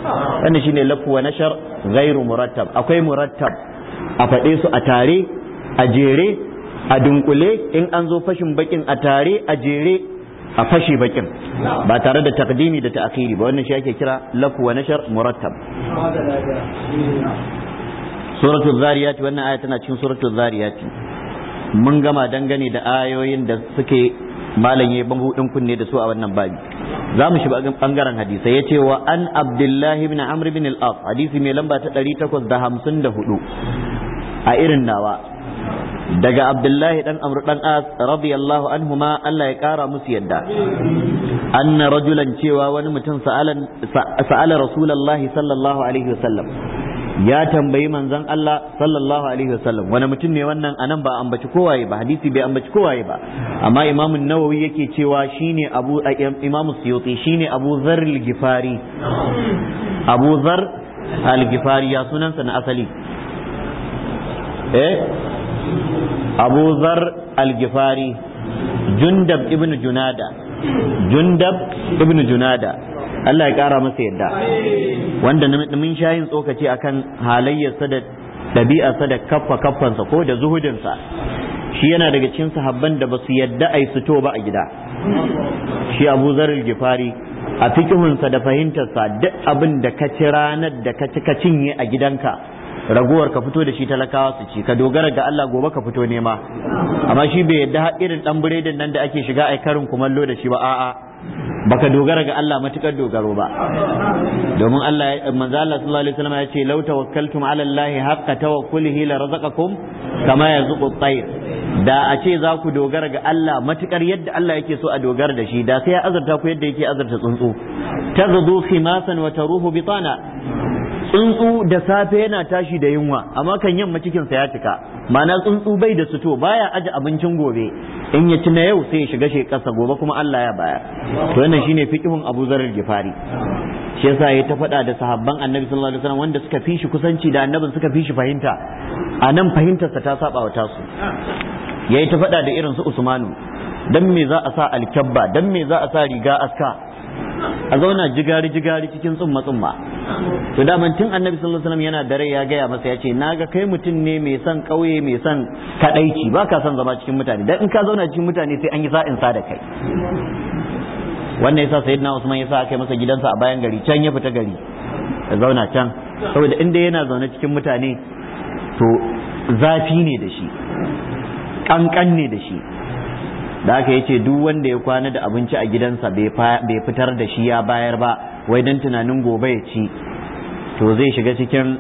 wannan shine lafu wa nashar ghairu murattab akwai murattab a faɗe su a tare a jere a dunkule in an zo fashin bakin a tare a jere a fashe bakin ba tare da takdimi da ta'khiri ba wannan shi ake kira lafu wa nashar murattab suratul zariyat wannan aya tana cikin suratul zariyat mun gama dangane da ayoyin da suke malam ya ban hudun kunne da su a wannan babi za mu shiga bangaren hadisai ce wa an abdullahi ibn amr ibn al-as hadisi mai lamba ta 854 a irin nawa daga abdullahi dan amr dan as radiyallahu anhuma Allah ya kara musu yadda anna rajulan cewa wani mutum sa'ala sa'ala rasulullahi sallallahu alaihi wasallam ya tambayi manzon Allah sallallahu alaihi wasallam wani mutum ne wannan anan ba ambaci kowaye ba hadisi bai ambaci kowaye ba amma imamu Nawawi yake cewa shine Abu imamu Suyuti shine Abu Zar al gifari Abu Zar al gifari ya sunansa na asali eh Abu Zar al gifari Jundab ibn Junada Jundab ibnu Junada Allah ya kara masa yadda wanda mun shayin tsokaci akan halayyarsa da ɗabi'arsa da kaffa kaffansa ko da zuhudinsa shi yana daga cikin sahabban da basu yadda ai fito ba a gida shi Abu Zarul Gifari a fikihunsa da fahimtarsa duk abin da ka ci ranar da ka ci ka cinye a gidanka raguwar ka fito da shi talakawa su ci ka dogara ga Allah gobe ka fito nema amma shi bai yadda irin dan buredin nan da ake shiga ai karin kumallo da shi ba a'a baka dogara ga Allah matukar dogaro ba domin Allah manzo Allah sallallahu alaihi wasallam ya ce law tawakkaltum ala Allah haqqa tawakkulihi la razaqakum kama yazuqu at-tayr da a ce za ku dogara ga Allah matukar yadda Allah yake so a dogara da shi da sai ya azurta ku yadda yake azurta tsuntsu taghdu khimasan wa taruhu bitana tsuntsu da safe yana tashi da yunwa amma kan yamma cikinsa ya cika ma'ana tsuntsu bai da suto baya aje abincin gobe in ya ci na yau sai ya shiga shi kasa gobe kuma Allah ya baya to wannan shine fiqhun Abu Zar al shi yasa ya ta faɗa da sahabban Annabi sallallahu alaihi wasallam wanda suka fi kusanci da Annabin suka fi shi fahimta a nan fahimtarsa ta saba wa tasu yayi ta faɗa da irin su Usmanu dan me za a sa alkabba dan me za a sa riga aska a zauna jigari jigari cikin tsumma tsumma to da tun annabi sallallahu alaihi wasallam yana dare ya gaya masa ya ce naga kai mutum ne mai son kauye mai son kadaici ba ka son zama cikin mutane dan in ka zauna cikin mutane sai an yi sa'in sa da kai wannan yasa sayyidina Usman yasa aka kai masa gidansa a bayan gari can ya fita gari ya zauna can saboda inda yana zaune cikin mutane to zafi ne da shi kankan ne da shi da aka yace duk wanda ya kwana da abinci a gidansa bai fitar da shi ya bayar ba wai dan tunanin gobe ya ci to zai shiga cikin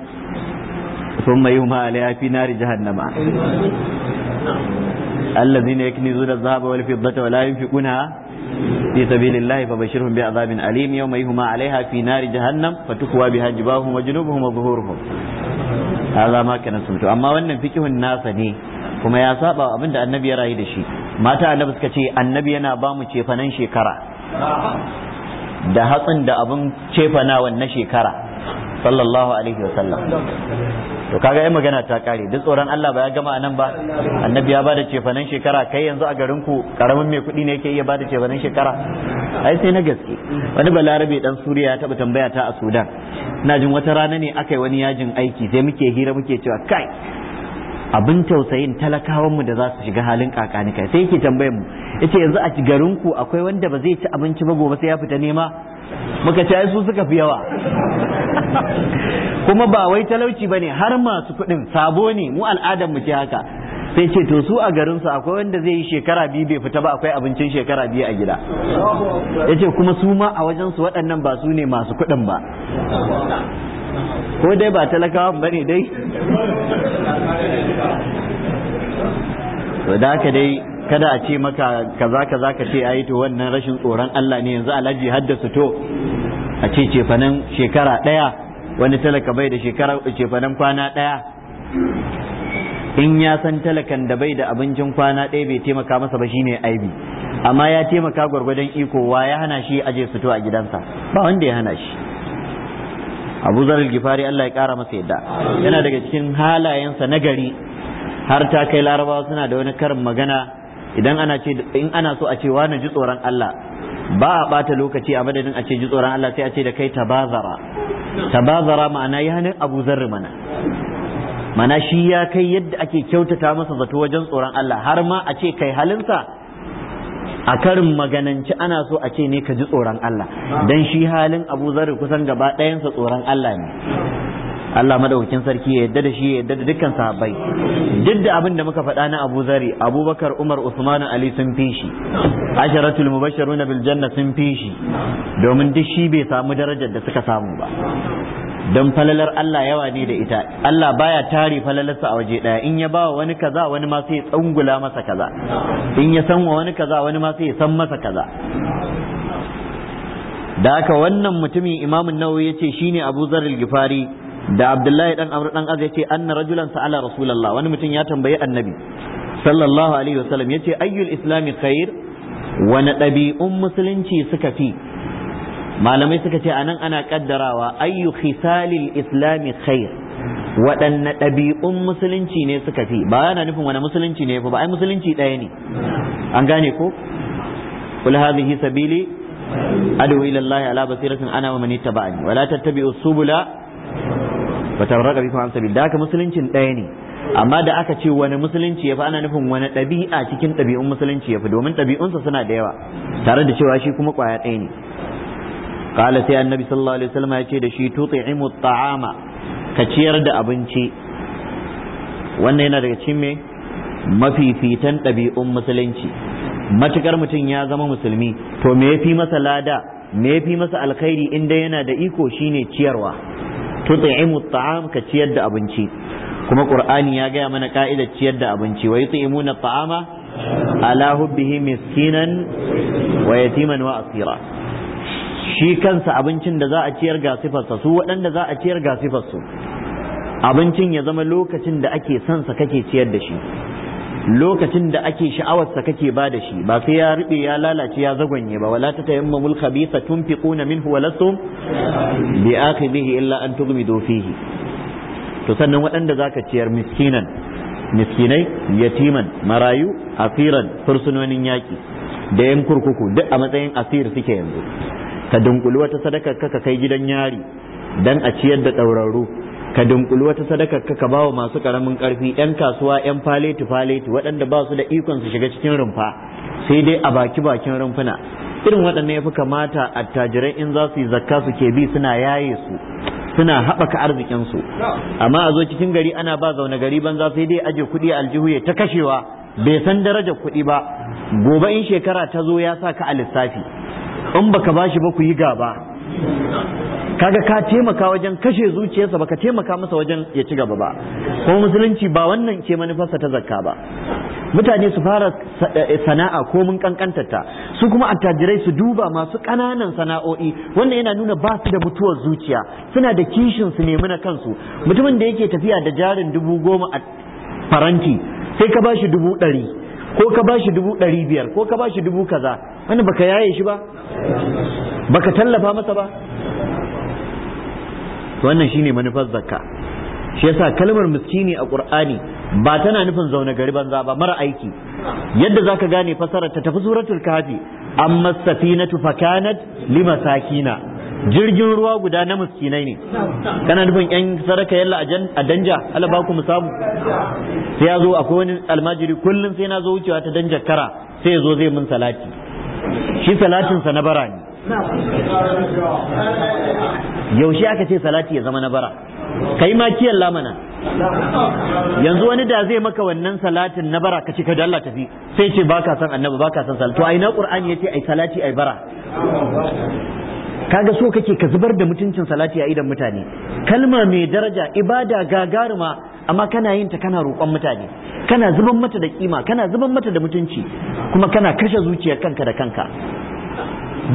sun mai yi ma'ala ya fi nari jahannama Allah zina ya kini zuwa zaba wal fiddata wala yin fi kuna fi sabilillahi fa bashirhum bi azabin alim yawma yuhma alaiha fi nari jahannam fa tukwa biha jibahum wa junubuhum wa zuhuruhum hadha ma kana sunu amma wannan fiqhun nasa ne kuma ya saba abin da annabi ya rayu da shi mata annabi suka ce annabi yana ba mu cefanen shekara da hatsin da abin cefanawan na shekara sallallahu alaihi wasallam to kaga ai magana ta kare duk tsoron Allah ba ya gama anan ba annabi ya ba da cefanen shekara kai yanzu a garin ku karamin mai kuɗi ne yake iya ba bada cefanen shekara ai sai na gaske wani balarabe dan suriya ya taba tambaya ta a sudan ina jin wata rana ne aka yi wani yajin aiki sai muke hira muke cewa kai abin tausayin talakawan mu da za su shiga halin kakani sai yake tambayar mu yace yanzu a garin ku akwai wanda ba zai ci abinci ba gobe sai ya fita nema muka ci su suka fi yawa kuma ba wai talauci bane har masu kuɗin sabo ne mu al'adar mu ce haka sai ce to su a garin su akwai wanda zai yi shekara biyu bai fita ba akwai abincin shekara biyu a gida yace kuma su ma a wajen su waɗannan ba su ne masu kuɗin ba ko dai ba talakawan ba ne dai to da ka dai kada a ce maka kaza kaza ka ce yi to wannan rashin tsoron Allah ne yanzu alhaji haddasa to a ce cefanen shekara ɗaya wani talaka bai da shekara cefanen kwana ɗaya in ya san talakan da bai da abincin kwana ɗaya bai taimaka masa ba shine aibi amma ya taimaka gwargwadon iko wa ya hana shi aje to a gidansa ba wanda ya hana shi abu zarar gifari Allah ya kara masa yadda yana daga cikin halayensa na gari har ta kai larabawa suna da wani karin magana idan ana ce in ana so a ce wani ji tsoron Allah ba a bata lokaci a madadin a ce ji tsoron Allah sai a ce da kai tabazara tabazara ma'ana ya hanin abu zarri mana mana shi ya kai yadda ake kyautata masa zato wajen tsoron Allah har ma a ce kai halinsa a karin maganance ana so a ce ne ka ji tsoron Allah dan shi halin Abu Zarri kusan gaba ɗayansa tsoron Allah ne Allah madaukakin sarki ya yadda da shi ya yadda da dukkan sahabbai duk da abin da muka faɗa na Abu Zari Abubakar Umar Usman Ali sun fi shi asharatul mubashiruna bil janna sun fi shi domin duk shi bai samu darajar da suka samu ba don falalar Allah yawa ne da ita Allah baya tare falalarsa a waje ɗaya in ya ba wa wani kaza wani ma sai ya tsangula masa kaza in ya san wa wani kaza wani ma sai ya san masa kaza da haka wannan mutumin imamun nawawi ya ce shi ne abu zaril gifari da abdullahi dan amr dan azai ce anna rajulan sa'ala rasulallah. wani mutum ya tambayi annabi sallallahu alaihi wasallam ce ayyul islami khair wani ɗabi'un musulunci suka fi malamai suka ce anan ana kaddarawa ayyu khisalil islami khair waɗanne ɗabi'un musulunci ne suka fi ba yana nufin wani musulunci ne ba ai musulunci ɗaya ne an gane ko kul hadhihi sabili adu ila allahi ala basiratin ana wa man ittaba'ani wa la tattabi'us subula wa tafarraqa bikum an sabil da haka musuluncin ɗaya ne amma da aka ce wani musulunci ya fi ana nufin wani ɗabi'a cikin ɗabi'un musulunci ya fi domin ɗabi'unsa suna da yawa tare da cewa shi kuma ƙwaya ɗaya ne qala sai annabi sallallahu alaihi wasallam ya ce da shi tuti'imu ta'ama ka ciyar da abinci wannan yana daga cikin me mafifitan ɗabi'un musulunci matukar mutum ya zama musulmi to me yafi masa lada me yafi masa alkhairi inda yana da iko shine ciyarwa tuti'imu ta'am ka ciyar da abinci kuma ƙur'ani ya gaya mana ka'idar ciyar da abinci wa yut'imuna ta'ama ala hubbihi miskinan wa yatiman wa asira shi kansa abincin da za a ciyar ga sifarsa su waɗanda za a ciyar ga sifarsu abincin ya zama lokacin da ake sansa kake ciyar da shi lokacin da ake sha'awarsa kake ba da shi ba sai ya riɓe ya lalace ya zagwanye ba wala ta tayamma mul khabitha tunfiquna minhu wa lasum bi akhidhihi illa an tughmidu fihi to sannan waɗanda zaka ciyar miskinan miskinai yatiman marayu asiran fursunonin yaki da yan kurkuku duk a matsayin asir suke yanzu ka dunkuli wata sadakar ka kai gidan yari dan a ciyar da ɗaurarru ka dunkuli wata sadakar ka ka wa masu karamin karfi yan kasuwa yan faleti faleti waɗanda ba su da ikon su shiga cikin rumfa sai dai a baki bakin rumfuna irin waɗannan ya fi kamata attajirai in za su yi zakka su ke bi suna yaye su suna haɓaka arzikinsu amma a zo cikin gari ana ba zaune gari banza sai dai aje kuɗi aljihu ya ta kashewa bai san darajar kuɗi ba gobe in shekara ta zo ya sa ka a lissafi in baka bashi ba ku yi gaba kaga ka taimaka wajen kashe zuciyarsa baka taimaka masa wajen ya ci gaba ba kuma musulunci ba wannan ke manufarsa ta zakka ba mutane su fara eh, sana'a ko mun ta su kuma attajirai su duba masu ƙananan sana'o'i wannan yana nuna ba su da mutuwar zuciya suna da kishin su nemi na kansu mutumin da yake tafiya da jarin dubu goma a faranti sai ka ba shi dubu ɗari ko ka ba shi dubu ɗari biyar ko ka ba shi dubu kaza wani baka yaye shi ba baka tallafa masa ba wannan shi ne manufar zakka shi yasa kalmar miskini a ƙur'ani ba tana nufin zaune gari banza ba mara aiki yadda za ka gane fasarar ta tafi suratul kafi amma safinatu fakanat sakina. jirgin ruwa guda na miskinai ne kana nufin yan saraka yalla a danja Allah ba ku musabu sai ya zo akwai wani almajiri kullum sai na zo wucewa ta danja kara sai ya zo zai mun salati shi salatin sa na bara ne yaushe aka ce salati ya zama na bara kai ma kiyan lamana yanzu wani da zai maka wannan salatin na bara ka cika da Allah tafi sai ce baka san annabi baka san salatu to ai na qur'ani yace ai salati ai bara kaga so kake ka zubar da mutuncin salati a idan mutane kalma mai daraja ibada gagaruma amma kana yin ta kana roƙon mutane kana zuban mata da kima kana zuban mata da mutunci kuma kana kashe zuciyar kanka da kanka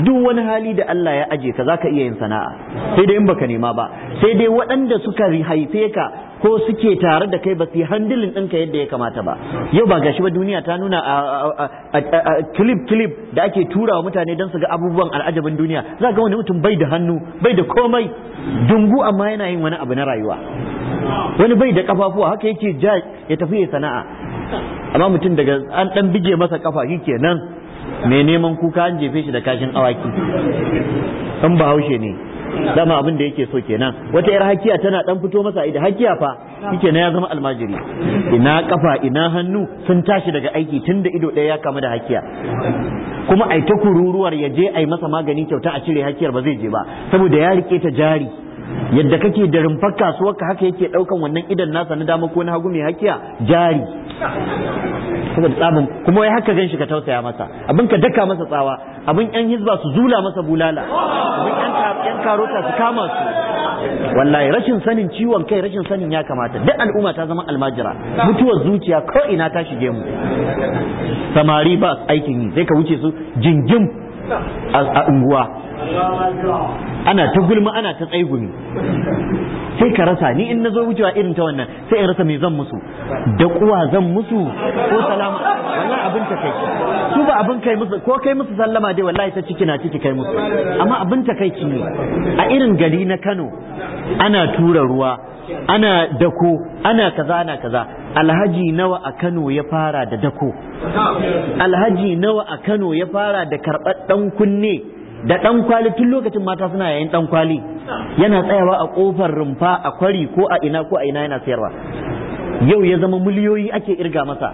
duk wani hali da Allah ya aje ka zaka iya yin sana'a sai dai in baka nema ba sai dai waɗanda suka haife ka ko suke tare da kai ba su yi handilin ɗinka yadda ya kamata ba yau ba gashi ba duniya ta nuna a clip clip da ake tura wa mutane don su ga abubuwan al'ajabin duniya za ga wani mutum bai da hannu bai da komai dungu amma yana yin wani abu na rayuwa wani bai da kafafuwa haka yake ja ya tafi ya sana'a amma mutum daga an dan bige masa kafa shi kenan mai neman kuka an jefe shi da kashin awaki in bahaushe ne dama abin da yake so kenan wata yar hakiya tana dan fito masa idan hakiya fa yake na ya zama almajiri ina kafa ina hannu sun tashi daga aiki tun da ido ɗaya ya kama da hakiya kuma ai ta kururuwar ya je ai masa magani kyauta a cire hakiyar ba zai je ba saboda ya rike ta jari yadda kake da rumfar kasuwarka haka yake daukan wannan idan nasa na dama ko na hagu mai hakiya jari kuma wai haka gan shi ka tausaya masa abin ka daka masa tsawa abin yan hizba su zula masa bulala abin yan karota su kama su wallahi rashin sanin ciwon kai rashin sanin ya kamata duk al'umma ta zama almajira mutuwar zuciya ko ina ta shige mu samari ba aikin yi sai ka wuce su jingim a unguwa ana ta gulma ana ta tsaigumi sai ka rasa ni in nazo wucewa irin ta wannan sai in rasa me zan musu da kuwa zan musu ko salama wallahi abin ta kai su ba abin kai musu ko kai musu sallama dai wallahi ta ciki na ciki kai musu amma abin ta kai ne a irin gari na Kano ana tura ruwa ana dako ana kaza ana kaza alhaji nawa a Kano ya fara da dako alhaji nawa a Kano ya fara da karɓar ɗan kunne da ɗan kwali tun lokacin mata suna yayin ɗan kwali yana tsayawa a ƙofar rumfa a kwari ko a ina ko a ina yana sayarwa yau ya zama miliyoyi ake irga masa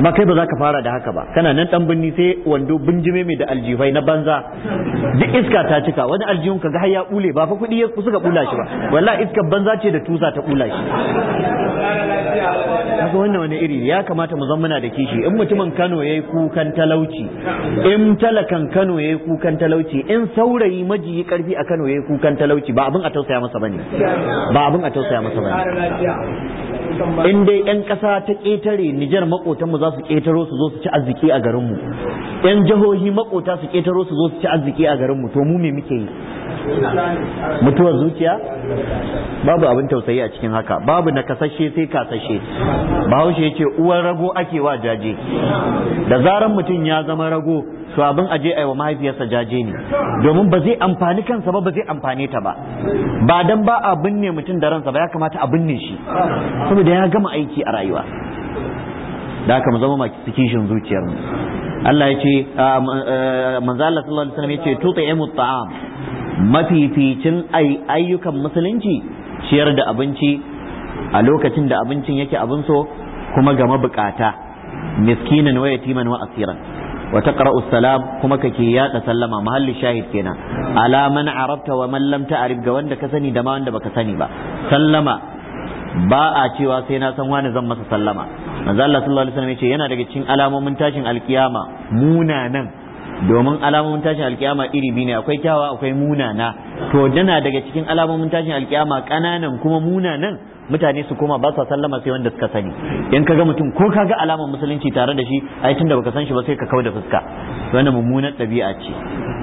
amma kai ba za ka fara da haka ba kana nan dan binni sai wando binjime mai da aljihai na banza duk iska ta cika wani aljihun ka ga har ya bule ba fa kuɗi suka bula shi ba wallahi iskar banza ce da tusa ta bula shi kaga wannan wani iri ya kamata mu zan muna da kishi in mutumin Kano yayi kukan talauci in talakan Kano yayi kukan talauci in saurayi majiyi karfi a Kano yayi kukan talauci ba abin a tausaya masa bane ba abin a tausaya masa bane in dai yan ƙasa ta ƙetare Nijar makotanmu za su ƙetaro su zo su ci arziki a garinmu yan jihohi makota su ƙetaro su zo su ci arziki a garinmu to mu me muke yi mutuwar zuciya babu abin tausayi a cikin haka babu na kasashe sai kasashe bahaushe ya ce uwar rago ake wa jaje da zaran mutum ya zama rago to abin aje aiwa mahaifiyarsa jaje ne domin ba zai amfani kansa ba ba zai amfane ta ba ba dan ba abin ne mutum da ransa ba ya kamata a ne shi da ya gama aiki a rayuwa da haka mu zama masu kishin zuciyar mu Allah ya ce manzo Allah sallallahu alaihi wasallam ya ce ta'am mafificin ayyukan musulunci ciyar da abinci a lokacin da abincin yake abin so kuma ga mabukata miskinan wa yatiman wa asiran wa taqra'u salam kuma kake yada sallama mahalli shahid kenan ala man arabta wa man lam ta'rif ga wanda ka sani da ma wanda baka sani ba sallama ba a cewa sai na san wani zan masa sallama manzo Allah sallallahu alaihi wasallam yace yana daga cikin alamomin tashin alkiyama munanan domin alamomin tashin alkiyama iri biyu ne akwai kyawa akwai munana to dana daga cikin alamomin tashin alkiyama kananan kuma munanan mutane su koma ba sa sallama sai wanda suka sani in ga mutum ko ka ga alamar musulunci tare da shi ai tunda baka san shi ba sai ka da fuska wannan mummunar ɗabi'a ce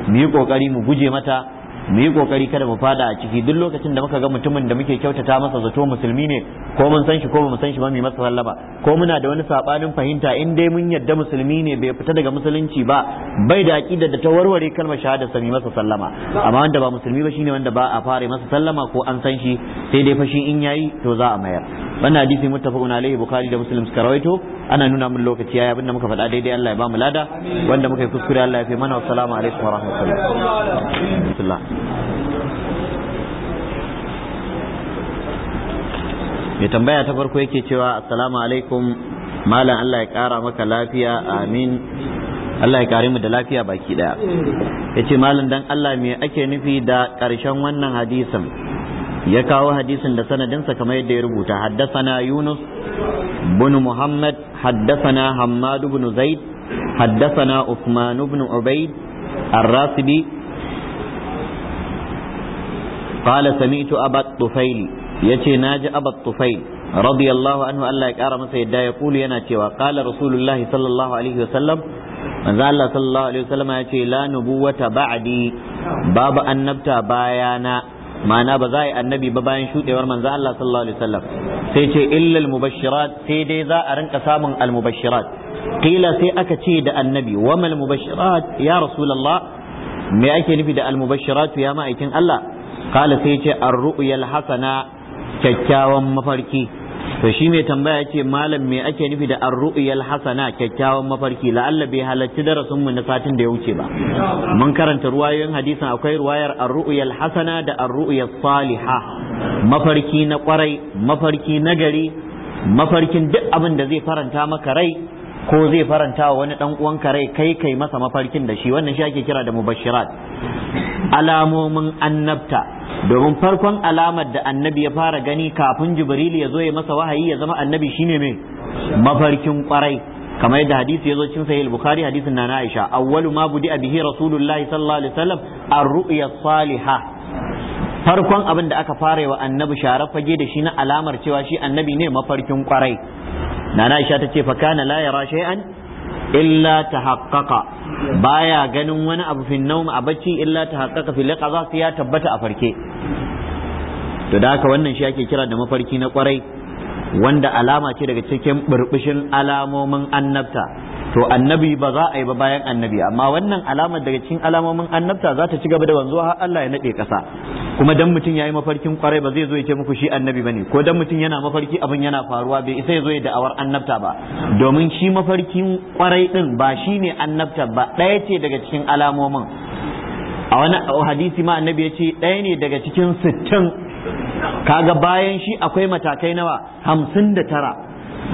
mu yi kokari mu guje mata mu yi kokari kada mu fada a ciki duk lokacin da muka ga mutumin da muke kyautata masa zato musulmi ne ko mun san shi ko mu san shi ba mu masa sallaba ko muna da wani sabanin fahimta in dai mun yadda musulmi ne bai fita daga musulunci ba bai da aqida da ta warware kalmar shahada sami masa sallama amma wanda ba musulmi ba shine wanda ba a fara masa sallama ko an san shi sai dai fashi in yayi to za a mayar wannan hadisi muttafaqun alaihi bukhari da muslim suka rawaito ana nuna mun lokaci yayi abinda muka faɗa daidai Allah ya ba mu lada wanda muka yi kuskure Allah ya fi mana wassalamu alaikum wa rahmatullah mai tambaya ta farko yake cewa assalamu alaikum malam Allah ya kara maka lafiya amin Allah ya kare mu da lafiya baki daya yace malam dan Allah me ake nufi da karshen wannan hadisin ya kawo hadisin da sanadinsa kamar yadda ya rubuta haddasana Yunus bin Muhammad haddasana Hammad ibn Zaid haddasana usman bin Ubaid الراسبي qala sami'tu aba tufail yace ji aba tufail radiyallahu anhu Allah ya kara masa yadda ya kulu yana cewa kala rasulullahi sallallahu alaihi wasallam manzo Allah sallallahu alaihi wasallam yace la wata ba'di babu annabta bayana ma'ana ba za a yi annabi ba bayan shudewar manzo Allah sallallahu alaihi wasallam sai ce illa mubashirat sai dai za a rinka samun al-mubashirat sai aka ce da annabi wa mubashirat ya rasulullah me ake nufi da al ya ma ma'aikin Allah kala sai ce an ru'uyal hasana kyakkyawan mafarki to shi mai tambaya ce malam me ake nufi da an ru'uyal hasana kyakkyawan mafarki la'alla bai halarci darasin mu na satin da ya wuce ba mun karanta ruwayoyin hadisin akwai ruwayar an ru'uyal hasana da an ru'uyal saliha mafarki na kwarai mafarki na gari mafarkin duk abin da zai faranta maka rai ko zai faranta wa wani dan uwan rai kai kai masa mafarkin da shi wannan shi ake kira da mubashirat alamomin annabta domin farkon alamar da annabi ya fara gani kafin jibril ya zo ya masa wahayi ya zama annabi shine me mafarkin kwarai kamar yadda hadisi ya zo cikin sahih bukhari hadisin na Aisha awwalu ma budi bihi rasulullahi sallallahu alaihi wasallam ar-ru'ya salihah farkon abin da aka fara wa annabi sharafage da shi na alamar cewa shi annabi ne mafarkin kwarai nana aisha ta ce fa kana la yara shay'an illa tahaqqaqa baya ganin wani abu fi nawm a bacci illa tahaqqaqa fi liqaza sai ya tabbata a farke to da haka wannan shi ake kira da mafarki na kwarai wanda alama ce daga cikin burbushin alamomin annabta to annabi ba za a yi ba bayan annabi amma wannan alamar daga cikin alamomin annabta za ta ci gaba da wanzuwa har Allah ya nade kasa kuma dan mutum yayi mafarkin kwarai ba zai zo ya ce muku shi annabi bane ko dan mutum yana mafarki abin yana faruwa bai isa ya zo ya da'awar annabta ba domin shi mafarkin kwarai din ba shine annabta ba daya ce daga cikin alamomin a wani hadisi ma annabi ya ce ɗaya ne daga cikin sittin kaga bayan shi akwai matakai nawa hamsin da tara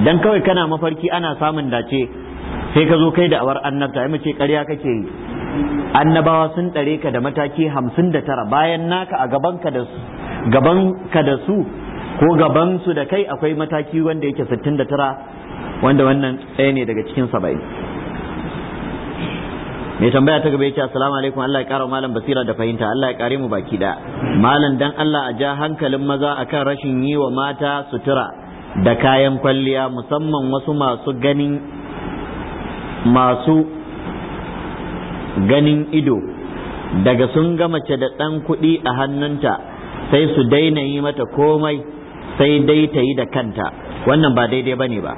dan kawai kana mafarki ana samun dace sai ka zo kai da awar annabta ya mace ƙarya kake yi annabawa sun tsare ka da mataki hamsin da tara bayan naka a gaban ka da su ko gaban su da kai akwai mataki wanda yake sittin da tara wanda wannan ɗaya ne daga cikin saba'in mai tambaya ta gaba ya ce assalamu alaikum Allah ya kara malam basira da fahimta Allah ya kare mu baki da malam dan Allah a ja hankalin maza akan rashin yi wa mata sutura da kayan kwalliya musamman wasu masu ganin masu ganin ido daga sun ga mace da ɗan kuɗi a hannunta sai su daina yi mata komai sai dai ta yi da kanta wannan ba daidai bane ba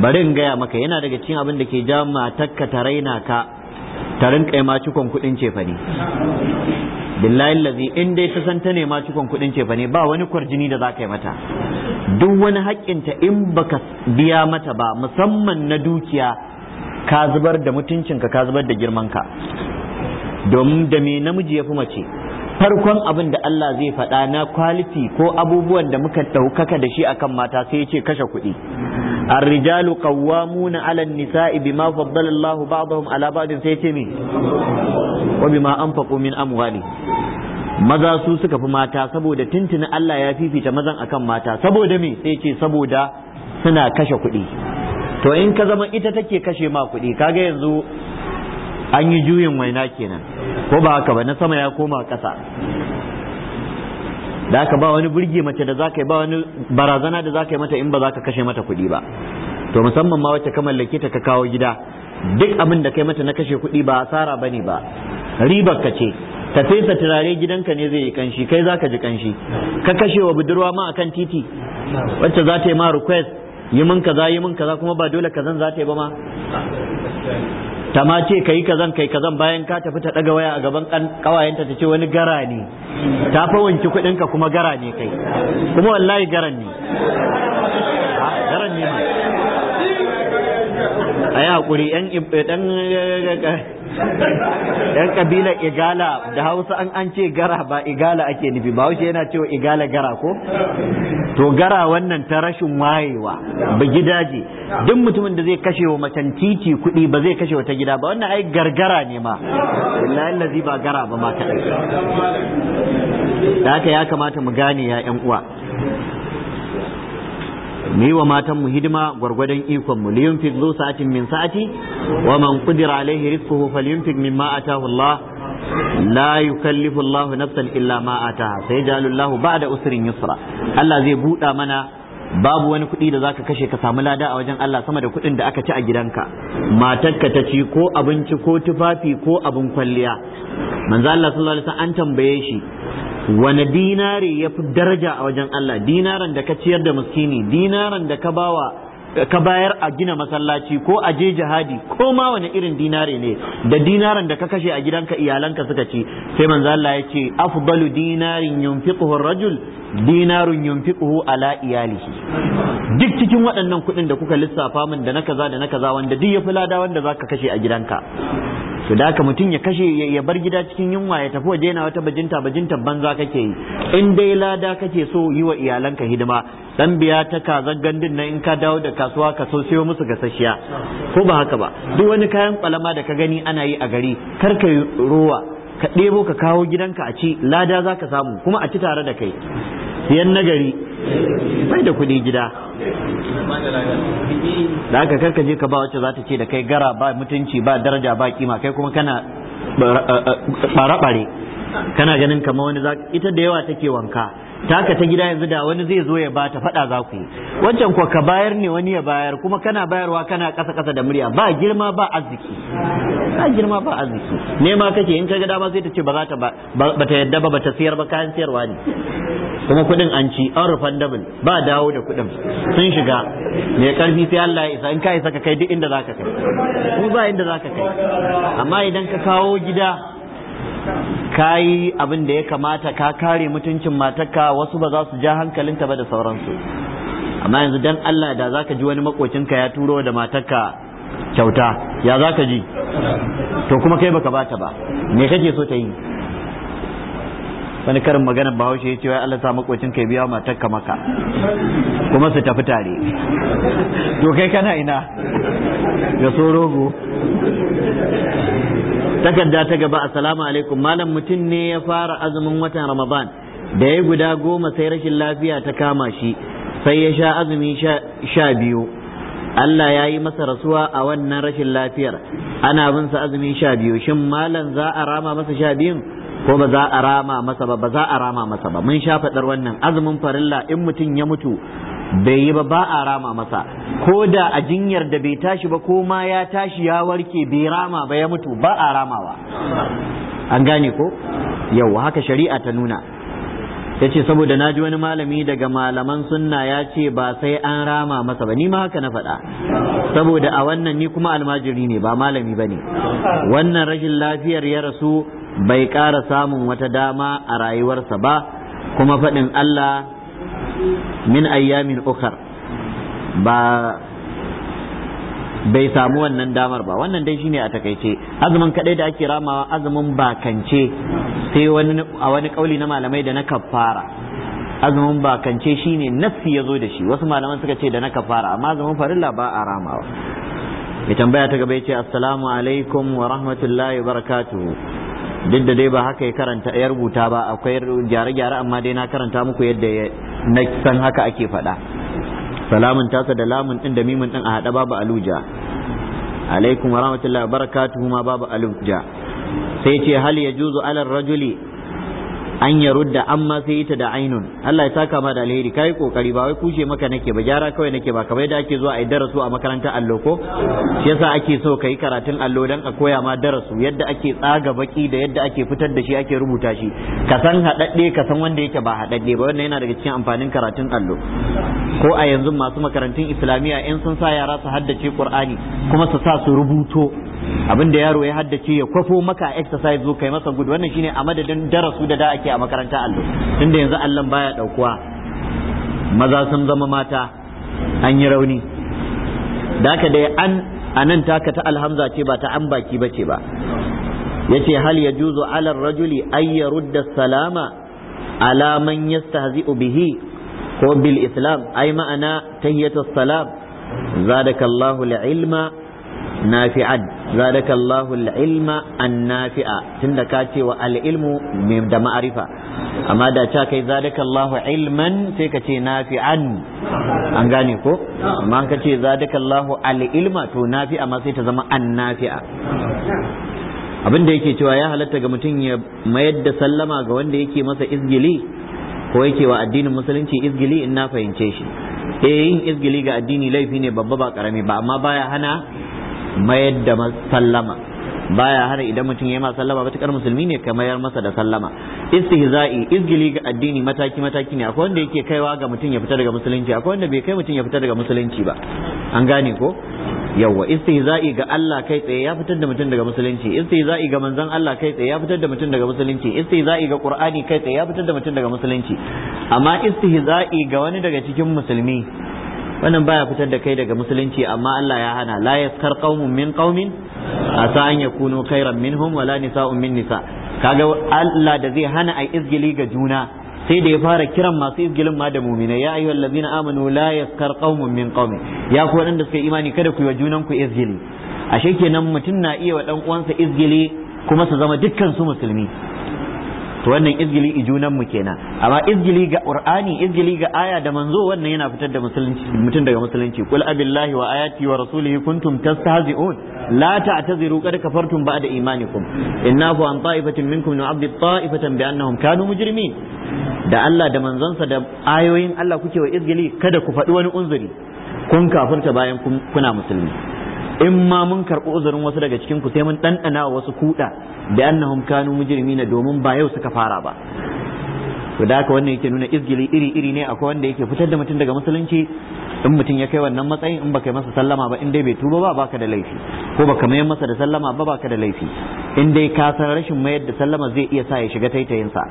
bari in gaya maka yana daga cikin abin da ke ja matakka ta raina ka ta rinka ma cikon kuɗin cefane billahi lazi in dai ta san ta ma cikon kuɗin cefane ba wani kwarjini da za ka yi mata duk wani ta in baka biya mata ba musamman na dukiya ka zubar da mutuncinka ka zubar da girman ka. domin da me namiji ya fi mace farkon abin da Allah zai faɗa na kwaliti ko abubuwan da muka ɗaukaka da shi akan mata sai ya ce kashe kuɗi الرجال قوامون على النساء بما فضل الله بعضهم على بعض سيتمي وبما أنفقوا من أموالهم maza su suka fi mata saboda tuntuni Allah ya fifita mazan akan mata saboda me sai ce saboda suna kashe kuɗi to in ka zama ita take kashe ma kuɗi kaga yanzu an yi juyin waina kenan ko ba haka ba na sama ya koma ƙasa da aka ba wani burge mace da ka yi ba wani barazana da za ka yi mata in ba za ka kashe mata kuɗi ba to musamman ma wacce ka mallake ta ka kawo gida duk abin da kai mata na kashe kuɗi ba asara ba ne ba ribar ka ce ka fesa turare gidanka ne zai yi kanshi kai za ka ji kanshi ka kashe wa budurwa ma akan titi wacce za ta yi ma request yi min kaza yi min kaza kuma ba dole zan za ta yi ba ma ta ma ce kai kazan kai kazan bayan ka tafi ta daga waya a gaban kawayenta ta ce wani gara ne ta fa wanki kudin ka kuma gara ne kai kuma wallahi garan ne ah, garan ne ma a yi haƙuri ɗan yan kabilar igala da hausa an an ce gara ba igala ake nufi ba haushe yana cewa igala gara ko to gara wannan ta rashin wayewa ba gidaje duk mutumin da zai kashe wa macen titi kuɗi ba zai kashe wata gida ba wannan ai gargara ne ma wallahi ba gara ba ma ta da ka ya kamata mu gane ya yan uwa mu wa matan mu hidima gwargwadon ikon mu liyunfiq zu sa'atin min sa'ati wa man qadira alaihi rizquhu falyunfiq mimma atahu Allah la yukallifu Allah nafsan illa ma ataha sayaj'alu Allah ba'da usrin yusra Allah zai buɗa mana babu wani kuɗi da zaka kashe ka samu lada a wajen Allah sama da kuɗin da aka ci a gidanka matarka ta ci ko abinci ko tufafi ko abin kwalliya manzo Allah sallallahu alaihi wasallam an tambaye shi wani dinari ya fi daraja a wajen Allah dinaran da ka ciyar da muskini, dinaran da ka bawa ka bayar a gina masallaci ko a je jihadi ko ma wani irin dinare ne da dinaran da ka kashe a gidanka iyalanka suka ci sai manzo Allah ya ce afdalu dinarin yunfiquhu rajul dinarun yunfiquhu ala iyalihi duk cikin waɗannan kuɗin da kuka lissafa min da na kaza da na kaza wanda duk ya fi lada wanda zaka kashe a gidanka to da haka mutum ya kashe ya bar gida cikin yunwa ya tafi waje na wata bajinta bajinta banza kake yi in dai lada kake so yi wa iyalanka hidima dan biya ta kazan gandun na in ka dawo da kasuwa ka so sayo musu gasasshiya ko ba haka ba duk wani kayan kwalama da ka gani ana yi a gari kar ka rowa ka ɗebo ka kawo gidanka a ci lada zaka samu kuma a ci tare da kai siyan nagari bai da kuɗi gida da aka karka je ka ba wacce za ta ce da kai gara ba mutunci ba daraja ba kima kai kuma kana bare-bare kana ganin kama wani ita da yawa take wanka taka ta gida yanzu da wani zai zo ya ba ta faɗa za ku yi wancan kuwa ka bayar ne wani ya bayar kuma kana bayarwa kana ƙasa ƙasa da murya ba girma ba arziki ba girma ba arziki nema kake in ka ga dama sai ta ce ba za ta ba ta yadda ba ta siyar ba kayan siyarwa ne kuma kuɗin an ci an rufan dabin ba dawo da kuɗin sun shiga mai karfi sai Allah ya isa in ka isa ka kai duk inda za ka kai kuma ba inda za ka kai amma idan ka kawo gida kayi abin da ya kamata ka kare mutuncin matarka wasu ba za su ja hankalinta ba da sauransu amma yanzu dan Allah da zaka ji wani makocinka ya turo da matarka kyauta ya zaka ji to kuma kai baka bata ba me kake so ta yi wani karin magana bahaushe ya ce wai Allah sa makocin kai biya matarka maka kuma su tafi tare to kai kana ina ya so rogo takarda ta gaba assalamu alaikum malam mutum ne ya fara azumin watan ramadan da ya guda goma sai rashin lafiya ta kama shi sai ya sha azumi sha biyu Allah ya yi masa rasuwa a wannan rashin lafiyar ana bin sa azumi sha biyu shin malam za a rama masa sha biyun ko ba za a rama masa ba ba za a rama masa ba mun sha faɗar wannan azumin farilla in mutum ya mutu bai yi ba ba a rama masa ko da a jinyar da bai tashi ba ko ma ya tashi ya warke bai rama ba ya mutu ba a ramawa an gane ko yau haka shari'a ta nuna ya ce saboda na ji wani malami daga malaman sunna ya ce ba sai an rama masa ba ni ma haka na faɗa saboda a wannan ni kuma almajiri ne ba malami ba ne wannan rashin lafiyar ya rasu bai ƙara samun wata dama a rayuwarsa ba kuma faɗin Allah min ayyamin ukar ba bai samu wannan damar ba wannan dai shine a takaice azumin kadai da ake ramawa azumin bakance sai wani a wani kauli na malamai da na kafara azumin bakance shine nafsi yazo da shi wasu malaman suka ce da na kafara amma azumin farilla ba a ramawa mai tambaya ta gaba yace assalamu alaikum wa rahmatullahi wa barakatuhu duk da dai ba haka ya karanta ya rubuta ba akwai gyare-gyare amma dai na karanta muku yadda na san haka ake faɗa salamun tasa da lamun din da mimin din a haɗa babu aluja alaikum wa rahmatullahi wa barakatuhu ma babu aluja sai ce hal ya juzu alal rajuli an ya rudda amma sai ita da ainun Allah ya saka ma da alheri kai kokari ba wai kushe maka nake ba gyara kawai nake ba kamar yadda ake zuwa a darasu a makarantar allo ko shi yasa ake so ka yi karatun allo dan a koya ma darasu yadda ake tsaga baki da yadda ake fitar da shi ake rubuta shi ka san haɗaɗɗe ka san wanda yake ba haɗaɗɗe ba wannan yana daga cikin amfanin karatun allo ko a yanzu masu makarantun islamiyya in sun sa yara su haddace qur'ani kuma su sa su rubuto abin da yaro ya haddace ya kwafo maka exercise zo kai masa gudu wannan shine a madadin darasu da da ake a makaranta allo tunda yanzu allon baya daukuwa maza sun zama mata an yi rauni da aka dai an anan taka ta alhamza ce ba ta an baki bace ba Ya ce hal ya yajuzu ala rajuli ay yarudda salama Alaman man yastahzi'u bihi ko bil islam Ai ma'ana tahiyatu salam zadaka Allahu ilma nafi'an zadaka Allahu al-ilma an-nafi'a tunda ka ce wa al-ilmu da ma'arifa amma da ta kai zadaka ilman sai ka ce nafi'an an gane ko amma an ka ce zadaka Allahu al-ilma to nafi'a ma sai ta zama an-nafi'a abin da yake cewa ya halatta ga mutum ya mayar da sallama ga wanda yake masa izgili ko yake wa addinin musulunci izgili in na fahimce shi eh yin izgili ga addini laifi ne babba ba karami ba amma baya hana mayar da sallama baya hana idan mutum ya ma sallama matukar musulmi ne ka mayar masa da sallama istihza'i izgili ga addini mataki mataki ne akwai wanda yake kaiwa ga mutum ya fita daga musulunci akwai wanda bai kai mutum ya fita daga musulunci ba an gane ko yawa istihza'i ga Allah kai tsaye ya fitar da mutum daga musulunci istihza'i ga manzon Allah kai tsaye ya fitar da mutum daga musulunci istihza'i ga Qur'ani kai tsaye ya fitar da mutum daga musulunci amma istihza'i ga wani daga cikin musulmi wannan baya fitar da kai daga musulunci amma Allah ya hana la yaskar qaumun min qaumin asa an yakunu khairan minhum wala nisa'un min nisa kaga Allah da zai hana ai izgili ga juna sai da ya fara kiran masu izgilin ma da mu'mina ya ayyuhal ladina amanu la yaskar qaumun min qaumin ya ku wadanda suka imani kada ku yi wa junan ku izgili ashe kenan mutum na iya wa dan uwansa izgili kuma su zama dukkan su musulmi to wannan izgili ijunan mu kenan amma izgili ga qur'ani izgili ga aya da manzo wannan yana fitar da musulunci mutun daga musulunci qul abillahi wa ayati wa rasulihi kuntum tastahzi'un la ta'taziru qad kafartum ba'da imanikum fa an ta'ifatin minkum nu'adhib ta'ifatan bi'annahum kanu mujrimin da Allah da manzonsa da ayoyin Allah kuke wa izgili kada ku faɗi wani unzuri kun kafirta bayan kuna musulmi in ma mun karɓi uzurin wasu daga cikin ku sai mun ɗanɗana wasu kuɗa da annahum kanu mujrimina domin ba yau suka fara ba to da haka wannan yake nuna izgili iri iri ne akwai wanda yake fitar da mutum daga musulunci in mutum ya kai wannan matsayin in baka yi masa sallama ba in dai bai tuba ba baka da laifi ko baka mayar masa da sallama ba baka da laifi in dai ka san rashin mayar da sallama zai iya sa ya shiga taitayinsa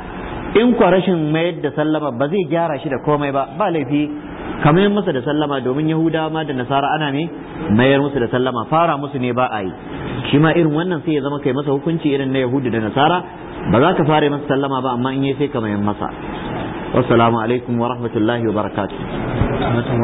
in kwa rashin mayar da sallama ba zai gyara shi da komai ba ba laifi kamar masa da sallama domin yahudawa ma da nasara ana ne mayar musu da sallama fara musu ne ba a yi shi ma irin wannan sai ya zama kai masa hukunci irin na yahudu da nasara ba za ka fara masa sallama ba amma in yi sai ka mayar masa wassalamu alaikum wa rahmatullahi wa barakatuh